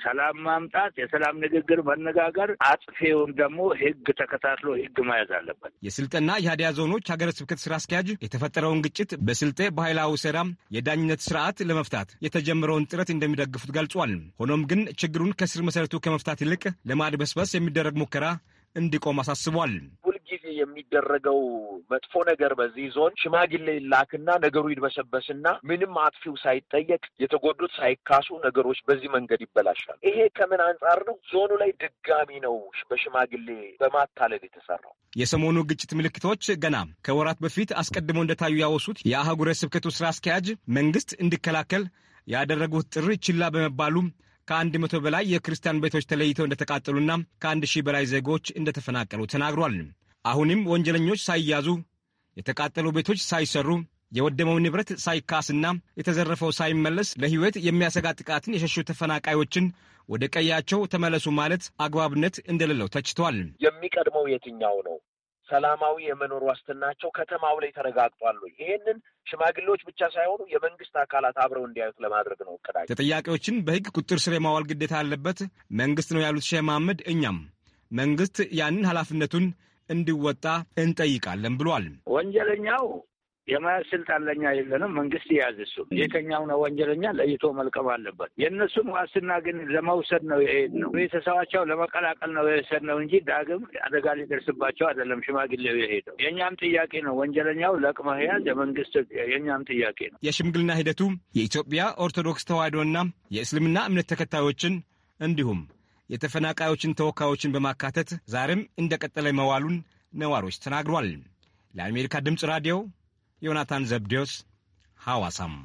ሰላም ማምጣት፣ የሰላም ንግግር፣ መነጋገር፣ አጥፌውን ደግሞ ህግ ተከታትሎ ህግ መያዝ አለበት። የስልጠና የሀዲያ ዞኖች ሀገረ ስብከት ስራ አስኪያጅ የተፈጠረውን ግጭት በስልጤ ባህላዊ ስራ የዳኝነት ስርዓት ለመፍታት የተጀመረውን ጥረት እንደሚደግፉት ገልጿል። ሆኖም ግን ችግሩን ከስር መሰረቱ ከመፍታት ይልቅ ለማድበስበስ የሚደረግ ሙከራ እንዲቆም አሳስቧል። የሚደረገው መጥፎ ነገር በዚህ ዞን ሽማግሌ ይላክና ነገሩ ይድበሰበስና ምንም አጥፊው ሳይጠየቅ የተጎዱት ሳይካሱ ነገሮች በዚህ መንገድ ይበላሻል። ይሄ ከምን አንጻር ነው? ዞኑ ላይ ድጋሚ ነው በሽማግሌ በማታለል የተሰራው። የሰሞኑ ግጭት ምልክቶች ገና ከወራት በፊት አስቀድሞ እንደታዩ ያወሱት የአህጉረ ስብከቱ ስራ አስኪያጅ መንግስት እንዲከላከል ያደረጉት ጥሪ ችላ በመባሉ ከአንድ መቶ በላይ የክርስቲያን ቤቶች ተለይተው እንደተቃጠሉና ከአንድ ሺህ በላይ ዜጎች እንደተፈናቀሉ ተናግሯል። አሁንም ወንጀለኞች ሳይያዙ የተቃጠሉ ቤቶች ሳይሰሩ የወደመው ንብረት ሳይካስና የተዘረፈው ሳይመለስ ለሕይወት የሚያሰጋ ጥቃትን የሸሹ ተፈናቃዮችን ወደ ቀያቸው ተመለሱ ማለት አግባብነት እንደሌለው ተችቷል። የሚቀድመው የትኛው ነው? ሰላማዊ የመኖር ዋስትናቸው ከተማው ላይ ተረጋግጧሉ ይሄንን ሽማግሌዎች ብቻ ሳይሆኑ የመንግስት አካላት አብረው እንዲያዩት ለማድረግ ነው እቅዳቸው። ተጠያቂዎችን በሕግ ቁጥር ስር የማዋል ግዴታ ያለበት መንግስት ነው ያሉት ሼህ መሐመድ፣ እኛም መንግስት ያንን ኃላፊነቱን እንዲወጣ እንጠይቃለን ብሏል። ወንጀለኛው የመያዝ ስልጣን ለኛ የለንም። መንግስት የያዝ እሱ የተኛው ነው ወንጀለኛ ለይቶ መልቀም አለበት። የእነሱን ዋስትና ግን ለመውሰድ ነው የሄድ ነው ቤተሰባቸው ለመቀላቀል ነው የወሰድ ነው እንጂ ዳግም አደጋ ሊደርስባቸው አይደለም። ሽማግሌው የሄደው የእኛም ጥያቄ ነው። ወንጀለኛው ለቅመ ያዝ የመንግስት የእኛም ጥያቄ ነው። የሽምግልና ሂደቱ የኢትዮጵያ ኦርቶዶክስ ተዋሕዶና የእስልምና እምነት ተከታዮችን እንዲሁም የተፈናቃዮችን ተወካዮችን በማካተት ዛሬም እንደቀጠለ መዋሉን ነዋሪዎች ተናግሯል። ለአሜሪካ ድምፅ ራዲዮ ዮናታን ዘብዴዎስ ሐዋሳም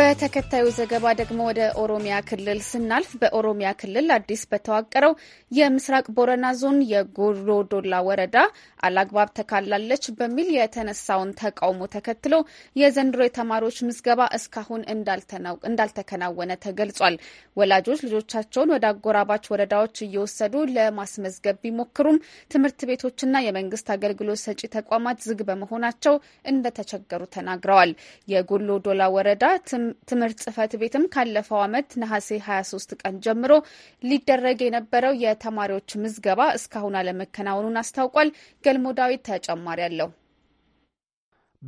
በተከታዩ ዘገባ ደግሞ ወደ ኦሮሚያ ክልል ስናልፍ በኦሮሚያ ክልል አዲስ በተዋቀረው የምስራቅ ቦረና ዞን የጎሮዶላ ወረዳ አላግባብ ተካላለች በሚል የተነሳውን ተቃውሞ ተከትሎ የዘንድሮ የተማሪዎች ምዝገባ እስካሁን እንዳልተከናወነ ተገልጿል። ወላጆች ልጆቻቸውን ወደ አጎራባች ወረዳዎች እየወሰዱ ለማስመዝገብ ቢሞክሩም ትምህርት ቤቶችና የመንግስት አገልግሎት ሰጪ ተቋማት ዝግ በመሆናቸው እንደተቸገሩ ተናግረዋል። የጎሎዶላ ወረዳ ትምህርት ጽህፈት ቤትም ካለፈው ዓመት ነሐሴ 23 ቀን ጀምሮ ሊደረግ የነበረው የተማሪዎች ምዝገባ እስካሁን አለመከናወኑን አስታውቋል። ገልሞ ዳዊት ተጨማሪ አለው።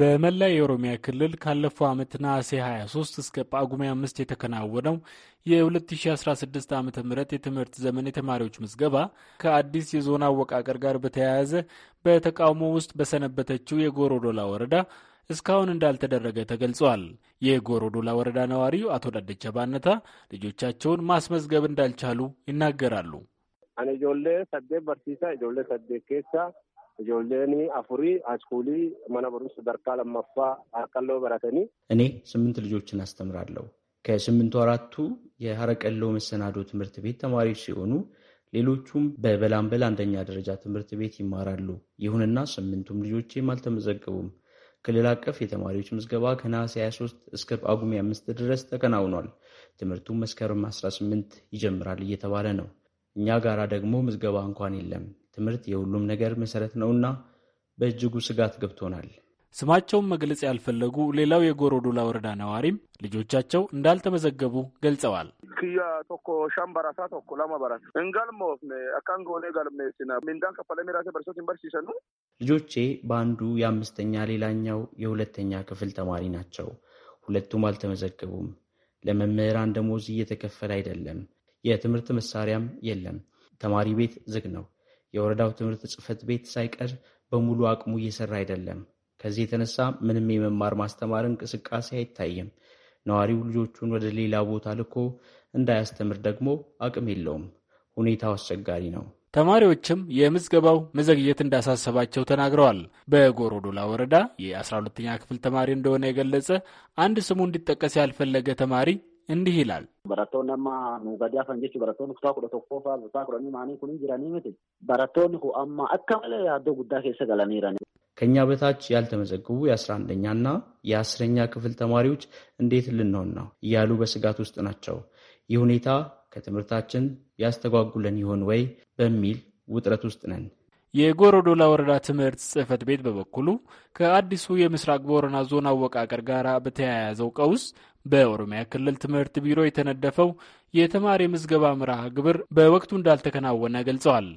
በመላ የኦሮሚያ ክልል ካለፈው ዓመት ነሐሴ 23 እስከ ጳጉሜ 5 የተከናወነው የ2016 ዓ ም የትምህርት ዘመን የተማሪዎች ምዝገባ ከአዲስ የዞን አወቃቀር ጋር በተያያዘ በተቃውሞ ውስጥ በሰነበተችው የጎሮዶላ ወረዳ እስካሁን እንዳልተደረገ ተገልጿል። የጎሮዶላ ወረዳ ነዋሪው አቶ ዳደቸ ባነታ ልጆቻቸውን ማስመዝገብ እንዳልቻሉ ይናገራሉ። አነ ጆሌ ሰዴ በርሲሳ ጆሌ ሰዴ ኬሳ ጆሌኒ አፉሪ አስኩሊ መነ በርካ ለመፋ አቀሎ በረተኒ እኔ ስምንት ልጆችን አስተምራለሁ። ከስምንቱ አራቱ የሀረቀሎ መሰናዶ ትምህርት ቤት ተማሪዎች ሲሆኑ ሌሎቹም በበላምበል አንደኛ ደረጃ ትምህርት ቤት ይማራሉ። ይሁንና ስምንቱም ልጆቼም አልተመዘገቡም። ክልል አቀፍ የተማሪዎች ምዝገባ ከነሐሴ 23 እስከ ጳጉሜ 5 ድረስ ተከናውኗል። ትምህርቱ መስከረም 18 ይጀምራል እየተባለ ነው። እኛ ጋራ ደግሞ ምዝገባ እንኳን የለም። ትምህርት የሁሉም ነገር መሰረት ነውና በእጅጉ ስጋት ገብቶናል። ስማቸውን መግለጽ ያልፈለጉ ሌላው የጎሮዶላ ወረዳ ነዋሪም ልጆቻቸው እንዳልተመዘገቡ ገልጸዋል። ክያ ቶኮ ቶኮ ሲና ሚንዳን በርሶት ዩኒቨርሲቲ ልጆቼ በአንዱ የአምስተኛ ሌላኛው የሁለተኛ ክፍል ተማሪ ናቸው። ሁለቱም አልተመዘገቡም። ለመምህራን ደሞዝ እየተከፈለ አይደለም። የትምህርት መሳሪያም የለም። ተማሪ ቤት ዝግ ነው። የወረዳው ትምህርት ጽፈት ቤት ሳይቀር በሙሉ አቅሙ እየሰራ አይደለም። ከዚህ የተነሳ ምንም የመማር ማስተማር እንቅስቃሴ አይታይም። ነዋሪው ልጆቹን ወደ ሌላ ቦታ ልኮ እንዳያስተምር ደግሞ አቅም የለውም። ሁኔታው አስቸጋሪ ነው። ተማሪዎችም የምዝገባው መዘግየት እንዳሳሰባቸው ተናግረዋል። በጎሮዶላ ወረዳ የ12ኛ ክፍል ተማሪ እንደሆነ የገለጸ አንድ ስሙ እንዲጠቀስ ያልፈለገ ተማሪ እንዲህ ይላል። በረቶን ለማ ኑጋዲያፈን ጀቹ በረቶን ኩታ ኩደ tokkofa kutaa kudhanii maanii kun jiranii miti barattoonni kun amma akka malee yaaddoo guddaa keessa galaniirani ከእኛ በታች ያልተመዘግቡ የአስራ አንደኛና የአስረኛ ክፍል ተማሪዎች እንዴት ልንሆን ነው እያሉ በስጋት ውስጥ ናቸው። ይህ ሁኔታ ከትምህርታችን ያስተጓጉለን ይሆን ወይ በሚል ውጥረት ውስጥ ነን። የጎሮዶላ ወረዳ ትምህርት ጽህፈት ቤት በበኩሉ ከአዲሱ የምስራቅ ቦረና ዞን አወቃቀር ጋር በተያያዘው ቀውስ በኦሮሚያ ክልል ትምህርት ቢሮ የተነደፈው የተማሪ ምዝገባ መርሃ ግብር በወቅቱ እንዳልተከናወነ ገልጸዋል።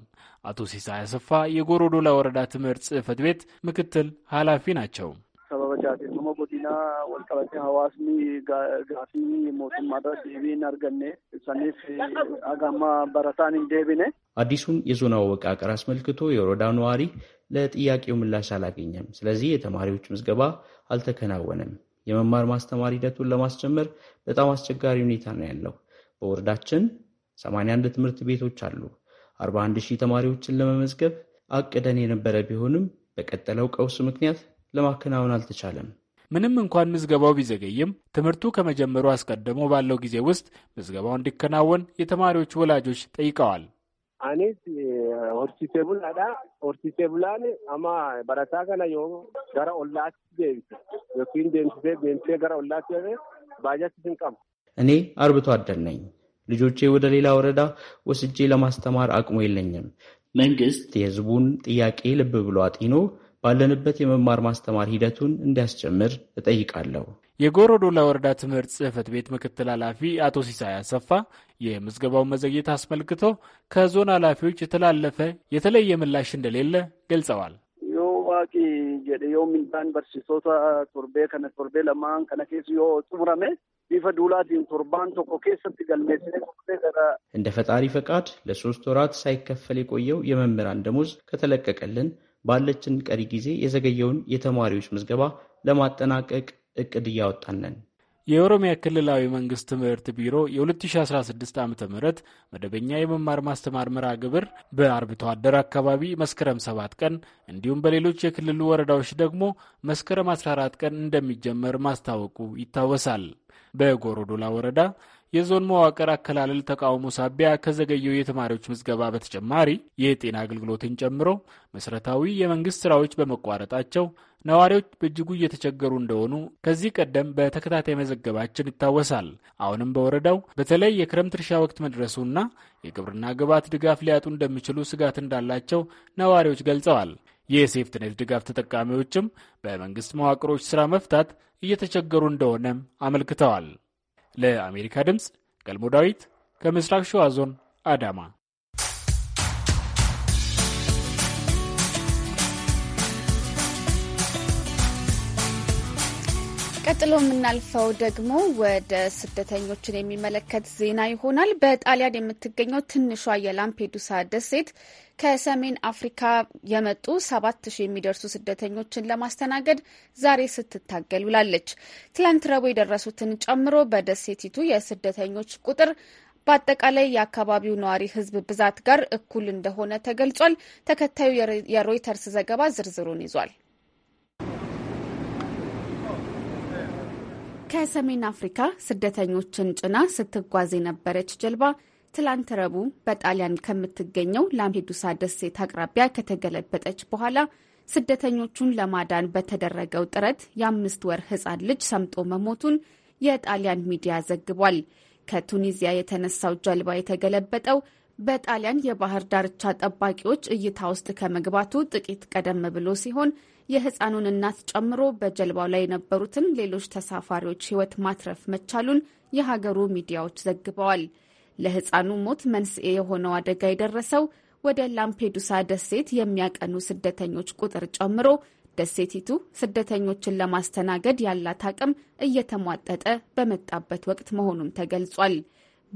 አቶ ሲሳይ አሰፋ የጎሮዶላ ወረዳ ትምህርት ጽህፈት ቤት ምክትል ኃላፊ ናቸው። sababachaatiin nama godinaa walqabate hawaasni gaafii mootummaadhaa deebii hin arganne saniif agama barataan hin deebine. አዲሱን የዞን አወቃቀር አስመልክቶ የወረዳ ነዋሪ ለጥያቄው ምላሽ አላገኘም። ስለዚህ የተማሪዎች ምዝገባ አልተከናወነም። የመማር ማስተማር ሂደቱን ለማስጀመር በጣም አስቸጋሪ ሁኔታ ነው ያለው። በወረዳችን 81 ትምህርት ቤቶች አሉ። 41 ሺህ ተማሪዎችን ለመመዝገብ አቅደን የነበረ ቢሆንም በቀጠለው ቀውስ ምክንያት ለማከናወን አልተቻለም። ምንም እንኳን ምዝገባው ቢዘገይም ትምህርቱ ከመጀመሩ አስቀድሞ ባለው ጊዜ ውስጥ ምዝገባው እንዲከናወን የተማሪዎቹ ወላጆች ጠይቀዋል። አኒስ ሆርሲሴቡላዳ ሆርሲሴቡላን አማ በረታ ከነ ዮ ገረ ኦላች ዴቢስ ዮኪን ዴምሴ ዴምሴ ገረ ኦላች ባጃት ስንቀም እኔ አርብቶ አደር ነኝ። ልጆቼ ወደ ሌላ ወረዳ ወስጄ ለማስተማር አቅሙ የለኝም። መንግስት የህዝቡን ጥያቄ ልብ ብሎ አጢኖ ባለንበት የመማር ማስተማር ሂደቱን እንዲያስጨምር እጠይቃለሁ። የጎሮዶላ ወረዳ ትምህርት ጽህፈት ቤት ምክትል ኃላፊ አቶ ሲሳይ አሰፋ የምዝገባውን መዘግየት አስመልክቶ ከዞን ኃላፊዎች የተላለፈ የተለየ ምላሽ እንደሌለ ገልጸዋል። እንደ ፈጣሪ ፈቃድ ለሶስት ወራት ሳይከፈል የቆየው የመምህራን ደሞዝ ከተለቀቀልን ባለችን ቀሪ ጊዜ የዘገየውን የተማሪዎች ምዝገባ ለማጠናቀቅ እቅድ እያወጣነን። የኦሮሚያ ክልላዊ መንግስት ትምህርት ቢሮ የ2016 ዓ ም መደበኛ የመማር ማስተማር መርሃ ግብር በአርብቶ አደር አካባቢ መስከረም 7 ቀን እንዲሁም በሌሎች የክልሉ ወረዳዎች ደግሞ መስከረም 14 ቀን እንደሚጀመር ማስታወቁ ይታወሳል። በጎሮዶላ ወረዳ የዞን መዋቅር አከላለል ተቃውሞ ሳቢያ ከዘገየው የተማሪዎች ምዝገባ በተጨማሪ የጤና አገልግሎትን ጨምሮ መሰረታዊ የመንግስት ስራዎች በመቋረጣቸው ነዋሪዎች በእጅጉ እየተቸገሩ እንደሆኑ ከዚህ ቀደም በተከታታይ መዘገባችን ይታወሳል። አሁንም በወረዳው በተለይ የክረምት እርሻ ወቅት መድረሱና የግብርና ግብዓት ድጋፍ ሊያጡ እንደሚችሉ ስጋት እንዳላቸው ነዋሪዎች ገልጸዋል። የሴፍትኔት ድጋፍ ተጠቃሚዎችም በመንግስት መዋቅሮች ስራ መፍታት እየተቸገሩ እንደሆነም አመልክተዋል። ለአሜሪካ ድምፅ ገልሞ ዳዊት ከምስራቅ ሸዋ ዞን አዳማ ቀጥሎ የምናልፈው ደግሞ ወደ ስደተኞችን የሚመለከት ዜና ይሆናል። በጣሊያን የምትገኘው ትንሿ የላምፔዱሳ ደሴት ከሰሜን አፍሪካ የመጡ ሰባት ሺህ የሚደርሱ ስደተኞችን ለማስተናገድ ዛሬ ስትታገል ውላለች። ትላንት ረቡዕ የደረሱትን ጨምሮ በደሴቲቱ የስደተኞች ቁጥር በአጠቃላይ የአካባቢው ነዋሪ ሕዝብ ብዛት ጋር እኩል እንደሆነ ተገልጿል። ተከታዩ የሮይተርስ ዘገባ ዝርዝሩን ይዟል። ከሰሜን አፍሪካ ስደተኞችን ጭና ስትጓዝ የነበረች ጀልባ ትላንት ረቡዕ በጣሊያን ከምትገኘው ላምፔዱሳ ደሴት አቅራቢያ ከተገለበጠች በኋላ ስደተኞቹን ለማዳን በተደረገው ጥረት የአምስት ወር ሕፃን ልጅ ሰምጦ መሞቱን የጣሊያን ሚዲያ ዘግቧል። ከቱኒዚያ የተነሳው ጀልባ የተገለበጠው በጣሊያን የባህር ዳርቻ ጠባቂዎች እይታ ውስጥ ከመግባቱ ጥቂት ቀደም ብሎ ሲሆን የህፃኑን እናት ጨምሮ በጀልባው ላይ የነበሩትን ሌሎች ተሳፋሪዎች ህይወት ማትረፍ መቻሉን የሀገሩ ሚዲያዎች ዘግበዋል። ለህፃኑ ሞት መንስኤ የሆነው አደጋ የደረሰው ወደ ላምፔዱሳ ደሴት የሚያቀኑ ስደተኞች ቁጥር ጨምሮ ደሴቲቱ ስደተኞችን ለማስተናገድ ያላት አቅም እየተሟጠጠ በመጣበት ወቅት መሆኑን ተገልጿል።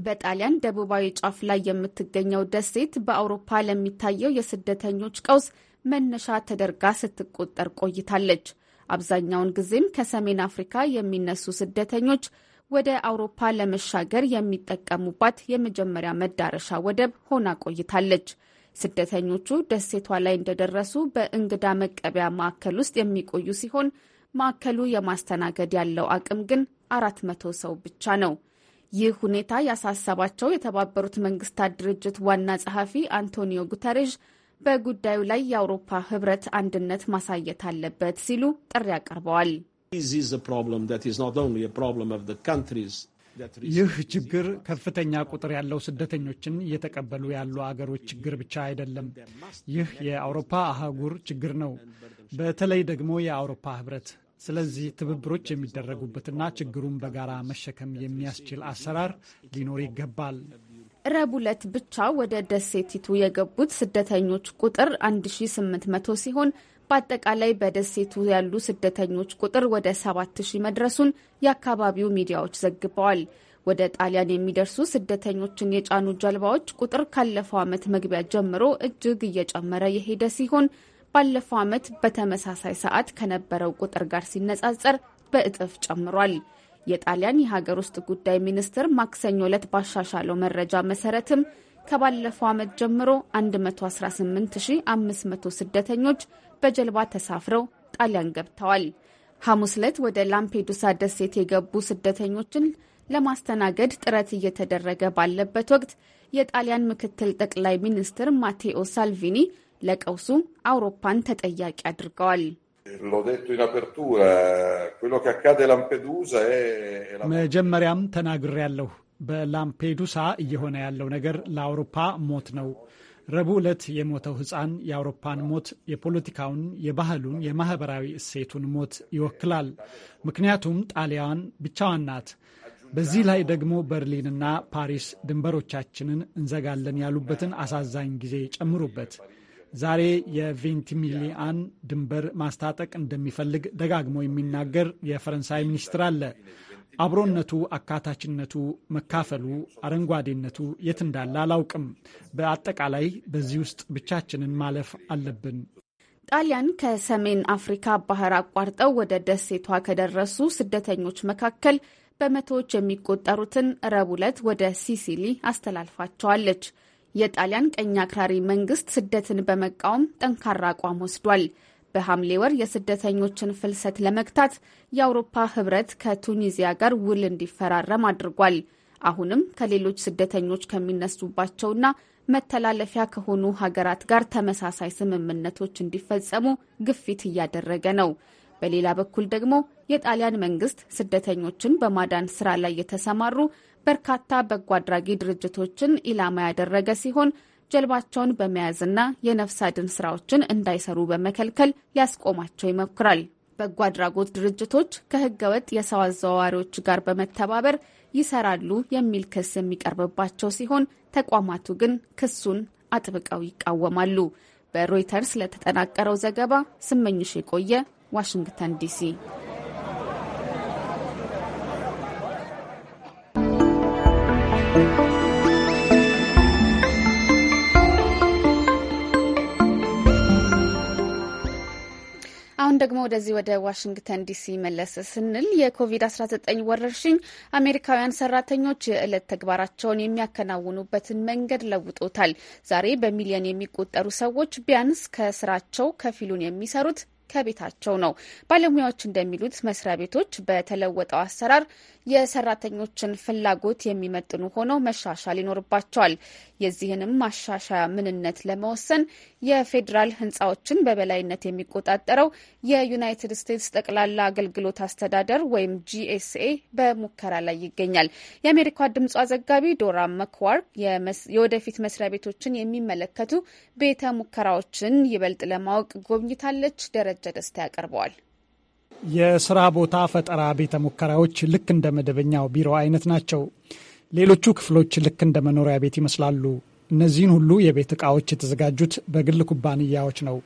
በጣሊያን ደቡባዊ ጫፍ ላይ የምትገኘው ደሴት በአውሮፓ ለሚታየው የስደተኞች ቀውስ መነሻ ተደርጋ ስትቆጠር ቆይታለች። አብዛኛውን ጊዜም ከሰሜን አፍሪካ የሚነሱ ስደተኞች ወደ አውሮፓ ለመሻገር የሚጠቀሙባት የመጀመሪያ መዳረሻ ወደብ ሆና ቆይታለች። ስደተኞቹ ደሴቷ ላይ እንደደረሱ በእንግዳ መቀበያ ማዕከል ውስጥ የሚቆዩ ሲሆን ማዕከሉ የማስተናገድ ያለው አቅም ግን አራት መቶ ሰው ብቻ ነው። ይህ ሁኔታ ያሳሰባቸው የተባበሩት መንግስታት ድርጅት ዋና ጸሐፊ አንቶኒዮ ጉተሬዥ በጉዳዩ ላይ የአውሮፓ ህብረት አንድነት ማሳየት አለበት ሲሉ ጥሪ አቅርበዋል። ይህ ችግር ከፍተኛ ቁጥር ያለው ስደተኞችን እየተቀበሉ ያሉ አገሮች ችግር ብቻ አይደለም። ይህ የአውሮፓ አህጉር ችግር ነው፣ በተለይ ደግሞ የአውሮፓ ህብረት። ስለዚህ ትብብሮች የሚደረጉበትና ችግሩን በጋራ መሸከም የሚያስችል አሰራር ሊኖር ይገባል። ረቡዕ ዕለት ብቻ ወደ ደሴቲቱ የገቡት ስደተኞች ቁጥር 1800 ሲሆን በአጠቃላይ በደሴቱ ያሉ ስደተኞች ቁጥር ወደ 7000 መድረሱን የአካባቢው ሚዲያዎች ዘግበዋል። ወደ ጣሊያን የሚደርሱ ስደተኞችን የጫኑ ጀልባዎች ቁጥር ካለፈው ዓመት መግቢያ ጀምሮ እጅግ እየጨመረ የሄደ ሲሆን ባለፈው ዓመት በተመሳሳይ ሰዓት ከነበረው ቁጥር ጋር ሲነጻጸር በእጥፍ ጨምሯል። የጣሊያን የሀገር ውስጥ ጉዳይ ሚኒስትር ማክሰኞ ዕለት ባሻሻለው መረጃ መሰረትም ከባለፈው ዓመት ጀምሮ 118500 ስደተኞች በጀልባ ተሳፍረው ጣሊያን ገብተዋል። ሐሙስ ዕለት ወደ ላምፔዱሳ ደሴት የገቡ ስደተኞችን ለማስተናገድ ጥረት እየተደረገ ባለበት ወቅት የጣሊያን ምክትል ጠቅላይ ሚኒስትር ማቴዎ ሳልቪኒ ለቀውሱ አውሮፓን ተጠያቂ አድርገዋል። መጀመሪያም ተናግሬያለሁ። በላምፔዱሳ እየሆነ ያለው ነገር ለአውሮፓ ሞት ነው። ረቡዕ ዕለት የሞተው ሕፃን የአውሮፓን ሞት፣ የፖለቲካውን፣ የባህሉን፣ የማህበራዊ እሴቱን ሞት ይወክላል። ምክንያቱም ጣሊያን ብቻዋን ናት። በዚህ ላይ ደግሞ በርሊንና ፓሪስ ድንበሮቻችንን እንዘጋለን ያሉበትን አሳዛኝ ጊዜ ጨምሩበት። ዛሬ የቬንቲሚሊያን ድንበር ማስታጠቅ እንደሚፈልግ ደጋግሞ የሚናገር የፈረንሳይ ሚኒስትር አለ። አብሮነቱ፣ አካታችነቱ፣ መካፈሉ፣ አረንጓዴነቱ የት እንዳለ አላውቅም። በአጠቃላይ በዚህ ውስጥ ብቻችንን ማለፍ አለብን። ጣሊያን ከሰሜን አፍሪካ ባህር አቋርጠው ወደ ደሴቷ ከደረሱ ስደተኞች መካከል በመቶዎች የሚቆጠሩትን ረቡዕ ዕለት ወደ ሲሲሊ አስተላልፋቸዋለች። የጣሊያን ቀኝ አክራሪ መንግስት ስደትን በመቃወም ጠንካራ አቋም ወስዷል። በሐምሌ ወር የስደተኞችን ፍልሰት ለመግታት የአውሮፓ ህብረት ከቱኒዚያ ጋር ውል እንዲፈራረም አድርጓል። አሁንም ከሌሎች ስደተኞች ከሚነሱባቸውና መተላለፊያ ከሆኑ ሀገራት ጋር ተመሳሳይ ስምምነቶች እንዲፈጸሙ ግፊት እያደረገ ነው። በሌላ በኩል ደግሞ የጣሊያን መንግስት ስደተኞችን በማዳን ስራ ላይ የተሰማሩ በርካታ በጎ አድራጊ ድርጅቶችን ኢላማ ያደረገ ሲሆን ጀልባቸውን በመያዝና የነፍስ አድን ስራዎችን እንዳይሰሩ በመከልከል ሊያስቆማቸው ይሞክራል። በጎ አድራጎት ድርጅቶች ከህገወጥ የሰው አዘዋዋሪዎች ጋር በመተባበር ይሰራሉ የሚል ክስ የሚቀርብባቸው ሲሆን ተቋማቱ ግን ክሱን አጥብቀው ይቃወማሉ። በሮይተርስ ለተጠናቀረው ዘገባ ስመኝሽ የቆየ ዋሽንግተን ዲሲ አሁን ደግሞ ወደዚህ ወደ ዋሽንግተን ዲሲ መለስ ስንል የኮቪድ-19 ወረርሽኝ አሜሪካውያን ሰራተኞች የዕለት ተግባራቸውን የሚያከናውኑበትን መንገድ ለውጦታል። ዛሬ በሚሊዮን የሚቆጠሩ ሰዎች ቢያንስ ከስራቸው ከፊሉን የሚሰሩት ከቤታቸው ነው። ባለሙያዎች እንደሚሉት መስሪያ ቤቶች በተለወጠው አሰራር የሰራተኞችን ፍላጎት የሚመጥኑ ሆነው መሻሻል ይኖርባቸዋል። የዚህንም ማሻሻያ ምንነት ለመወሰን የፌዴራል ህንፃዎችን በበላይነት የሚቆጣጠረው የዩናይትድ ስቴትስ ጠቅላላ አገልግሎት አስተዳደር ወይም ጂኤስኤ በሙከራ ላይ ይገኛል። የአሜሪካ ድምጿ ዘጋቢ ዶራ መክዋር የወደፊት መስሪያ ቤቶችን የሚመለከቱ ቤተ ሙከራዎችን ይበልጥ ለማወቅ ጎብኝታለች። ደረጃ ደረጀ ደስታ ያቀርበዋል። የስራ ቦታ ፈጠራ ቤተ ሙከራዎች ልክ እንደ መደበኛው ቢሮ አይነት ናቸው። ሌሎቹ ክፍሎች ልክ እንደ መኖሪያ ቤት ይመስላሉ። እነዚህን ሁሉ የቤት ዕቃዎች የተዘጋጁት በግል ኩባንያዎች ነው።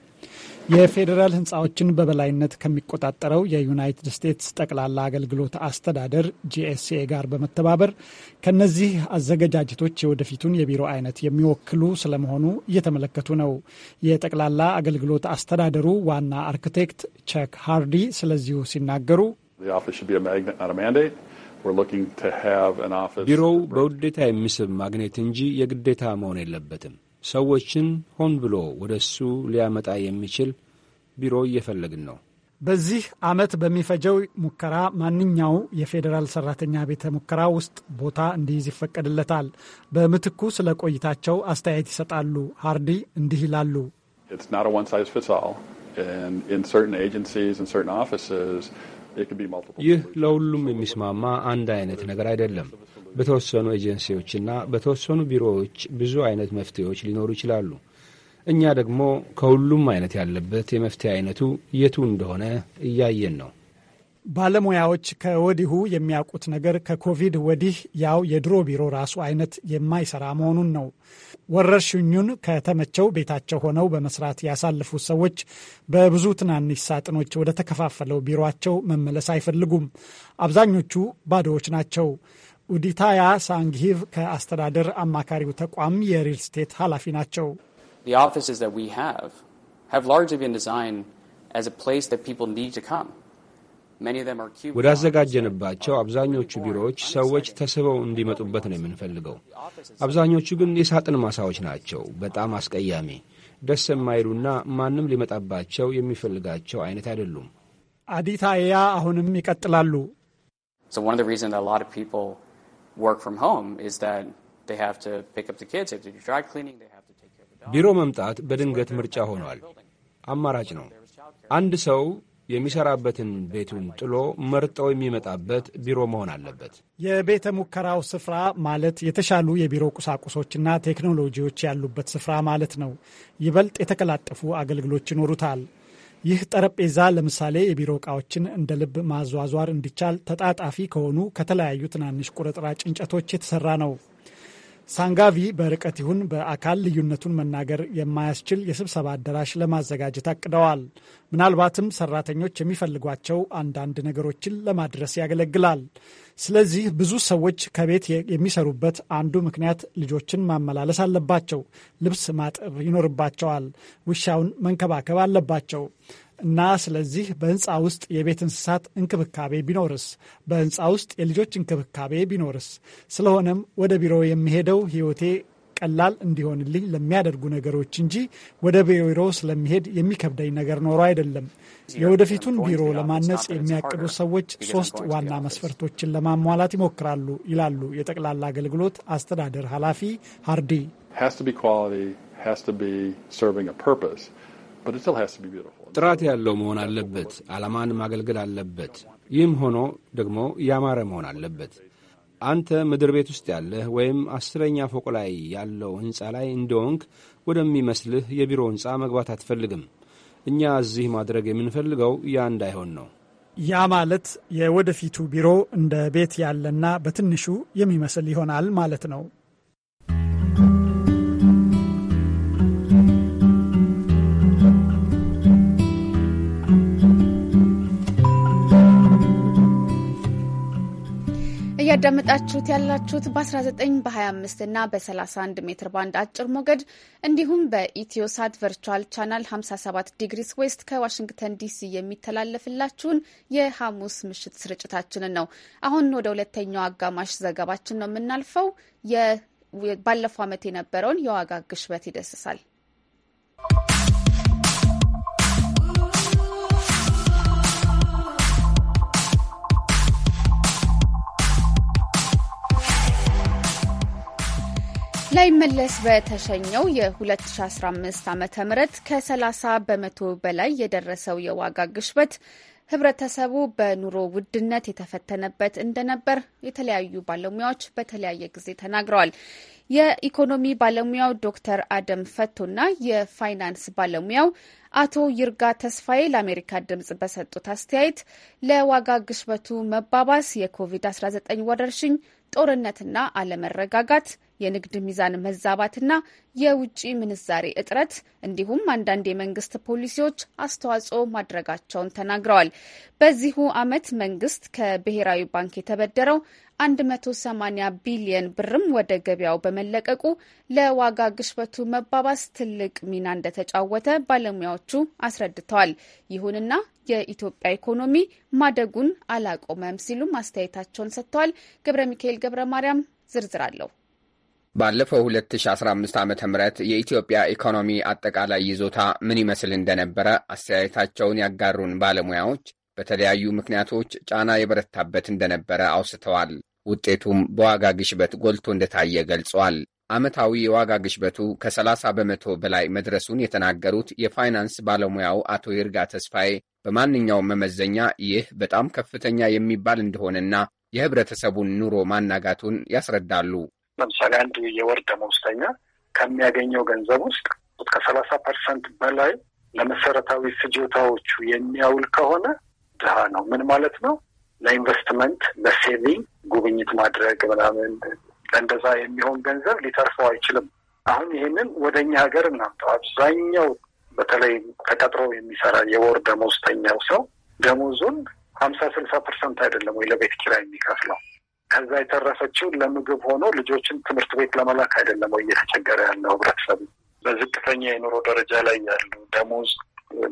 የፌዴራል ህንፃዎችን በበላይነት ከሚቆጣጠረው የዩናይትድ ስቴትስ ጠቅላላ አገልግሎት አስተዳደር ጂኤስኤ ጋር በመተባበር ከነዚህ አዘገጃጀቶች የወደፊቱን የቢሮ አይነት የሚወክሉ ስለመሆኑ እየተመለከቱ ነው። የጠቅላላ አገልግሎት አስተዳደሩ ዋና አርክቴክት ቸክ ሃርዲ ስለዚሁ ሲናገሩ ቢሮው በውዴታ የሚስብ ማግኔት እንጂ የግዴታ መሆን የለበትም። ሰዎችን ሆን ብሎ ወደ እሱ ሊያመጣ የሚችል ቢሮ እየፈለግን ነው። በዚህ ዓመት በሚፈጀው ሙከራ ማንኛው የፌዴራል ሰራተኛ ቤተ ሙከራ ውስጥ ቦታ እንዲይዝ ይፈቀድለታል። በምትኩ ስለ ቆይታቸው አስተያየት ይሰጣሉ። ሃርዲ እንዲህ ይላሉ። ይህ ለሁሉም የሚስማማ አንድ አይነት ነገር አይደለም። በተወሰኑ ኤጀንሲዎችና በተወሰኑ ቢሮዎች ብዙ አይነት መፍትሄዎች ሊኖሩ ይችላሉ። እኛ ደግሞ ከሁሉም አይነት ያለበት የመፍትሄ አይነቱ የቱ እንደሆነ እያየን ነው። ባለሙያዎች ከወዲሁ የሚያውቁት ነገር ከኮቪድ ወዲህ ያው የድሮ ቢሮ ራሱ አይነት የማይሰራ መሆኑን ነው። ወረርሽኙን ከተመቸው ቤታቸው ሆነው በመስራት ያሳለፉ ሰዎች በብዙ ትናንሽ ሳጥኖች ወደ ተከፋፈለው ቢሮቸው መመለስ አይፈልጉም። አብዛኞቹ ባዶዎች ናቸው። ኡዲታያ ሳንግሂቭ ከአስተዳደር አማካሪው ተቋም የሪል ስቴት ኃላፊ ናቸው። ወዳዘጋጀንባቸው አብዛኞቹ ቢሮዎች ሰዎች ተስበው እንዲመጡበት ነው የምንፈልገው። አብዛኞቹ ግን የሳጥን ማሳዎች ናቸው። በጣም አስቀያሚ፣ ደስ የማይሉና ማንም ሊመጣባቸው የሚፈልጋቸው አይነት አይደሉም። አዲታያ አሁንም ይቀጥላሉ። So one of the reasons a lot of people work from home is that they have to pick up the kids, they have to do dry cleaning, they have to take care of the dog. ቢሮ መምጣት በድንገት ምርጫ ሆኗል። አማራጭ ነው። አንድ ሰው የሚሰራበትን ቤቱን ጥሎ መርጦ የሚመጣበት ቢሮ መሆን አለበት። የቤተ ሙከራው ስፍራ ማለት የተሻሉ የቢሮ ቁሳቁሶችና ቴክኖሎጂዎች ያሉበት ስፍራ ማለት ነው። ይበልጥ የተቀላጠፉ አገልግሎች ይኖሩታል። ይህ ጠረጴዛ ለምሳሌ የቢሮ እቃዎችን እንደ ልብ ማዟዟር እንዲቻል ተጣጣፊ ከሆኑ ከተለያዩ ትናንሽ ቁርጥራጭ እንጨቶች የተሰራ ነው። ሳንጋቪ በርቀት ይሁን በአካል ልዩነቱን መናገር የማያስችል የስብሰባ አዳራሽ ለማዘጋጀት አቅደዋል። ምናልባትም ሰራተኞች የሚፈልጓቸው አንዳንድ ነገሮችን ለማድረስ ያገለግላል። ስለዚህ ብዙ ሰዎች ከቤት የሚሰሩበት አንዱ ምክንያት ልጆችን ማመላለስ አለባቸው፣ ልብስ ማጠብ ይኖርባቸዋል፣ ውሻውን መንከባከብ አለባቸው እና ስለዚህ በህንፃ ውስጥ የቤት እንስሳት እንክብካቤ ቢኖርስ? በህንፃ ውስጥ የልጆች እንክብካቤ ቢኖርስ? ስለሆነም ወደ ቢሮ የሚሄደው ህይወቴ ቀላል እንዲሆንልኝ ለሚያደርጉ ነገሮች እንጂ ወደ ቢሮ ስለሚሄድ የሚከብደኝ ነገር ኖሮ አይደለም። የወደፊቱን ቢሮ ለማነጽ የሚያቅዱ ሰዎች ሶስት ዋና መስፈርቶችን ለማሟላት ይሞክራሉ ይላሉ የጠቅላላ አገልግሎት አስተዳደር ኃላፊ ሃርዲ። ጥራት ያለው መሆን አለበት። ዓላማን ማገልገል አለበት። ይህም ሆኖ ደግሞ ያማረ መሆን አለበት። አንተ ምድር ቤት ውስጥ ያለህ ወይም አስረኛ ፎቅ ላይ ያለው ሕንፃ ላይ እንደወንክ ወደሚመስልህ የቢሮ ሕንፃ መግባት አትፈልግም። እኛ እዚህ ማድረግ የምንፈልገው ያ እንዳይሆን ነው። ያ ማለት የወደፊቱ ቢሮ እንደ ቤት ያለና በትንሹ የሚመስል ይሆናል ማለት ነው። እያዳመጣችሁት ያላችሁት በ19 በ25 እና በ31 ሜትር ባንድ አጭር ሞገድ እንዲሁም በኢትዮሳት ቨርቹዋል ቻናል 57 ዲግሪስ ዌስት ከዋሽንግተን ዲሲ የሚተላለፍላችሁን የሐሙስ ምሽት ስርጭታችንን ነው። አሁን ወደ ሁለተኛው አጋማሽ ዘገባችን ነው የምናልፈው። ባለፈው ዓመት የነበረውን የዋጋ ግሽበት ይደስሳል። ላይመለስ በተሸኘው የ2015 ዓ ም ከ30 በመቶ በላይ የደረሰው የዋጋ ግሽበት ህብረተሰቡ በኑሮ ውድነት የተፈተነበት እንደነበር የተለያዩ ባለሙያዎች በተለያየ ጊዜ ተናግረዋል። የኢኮኖሚ ባለሙያው ዶክተር አደም ፈቶና የፋይናንስ ባለሙያው አቶ ይርጋ ተስፋዬ ለአሜሪካ ድምጽ በሰጡት አስተያየት ለዋጋ ግሽበቱ መባባስ የኮቪድ-19 ወረርሽኝ ጦርነትና አለመረጋጋት የንግድ ሚዛን መዛባትና የውጭ ምንዛሬ እጥረት እንዲሁም አንዳንድ የመንግስት ፖሊሲዎች አስተዋጽኦ ማድረጋቸውን ተናግረዋል። በዚሁ ዓመት መንግስት ከብሔራዊ ባንክ የተበደረው 180 ቢሊየን ብርም ወደ ገበያው በመለቀቁ ለዋጋ ግሽበቱ መባባስ ትልቅ ሚና እንደተጫወተ ባለሙያዎቹ አስረድተዋል። ይሁንና የኢትዮጵያ ኢኮኖሚ ማደጉን አላቆመም ሲሉም አስተያየታቸውን ሰጥተዋል። ገብረ ሚካኤል ገብረ ማርያም ዝርዝር አለው። ባለፈው 2015 ዓ ም የኢትዮጵያ ኢኮኖሚ አጠቃላይ ይዞታ ምን ይመስል እንደነበረ አስተያየታቸውን ያጋሩን ባለሙያዎች በተለያዩ ምክንያቶች ጫና የበረታበት እንደነበረ አውስተዋል። ውጤቱም በዋጋ ግሽበት ጎልቶ እንደታየ ገልጿል። ዓመታዊ የዋጋ ግሽበቱ ከ30 በመቶ በላይ መድረሱን የተናገሩት የፋይናንስ ባለሙያው አቶ ይርጋ ተስፋዬ በማንኛውም መመዘኛ ይህ በጣም ከፍተኛ የሚባል እንደሆነና የህብረተሰቡን ኑሮ ማናጋቱን ያስረዳሉ። ለምሳሌ አንድ የወር ደመወዝተኛ ከሚያገኘው ገንዘብ ውስጥ ከሰላሳ ፐርሰንት በላይ ለመሰረታዊ ፍጆታዎቹ የሚያውል ከሆነ ድሃ ነው። ምን ማለት ነው? ለኢንቨስትመንት፣ ለሴቪንግ ጉብኝት ማድረግ ምናምን ለእንደዛ የሚሆን ገንዘብ ሊተርፈው አይችልም። አሁን ይህንን ወደ እኛ ሀገር እናምጠው። አብዛኛው በተለይ ተቀጥሮ የሚሰራ የወር ደሞዝተኛው ሰው ደሞዙን ሀምሳ ስልሳ ፐርሰንት አይደለም ወይ ለቤት ኪራይ የሚከፍለው ከዛ የተረፈችው ለምግብ ሆኖ ልጆችን ትምህርት ቤት ለመላክ አይደለም ወይ እየተቸገረ ያለው ህብረተሰቡ? በዝቅተኛ የኑሮ ደረጃ ላይ ያሉ ደሞዝ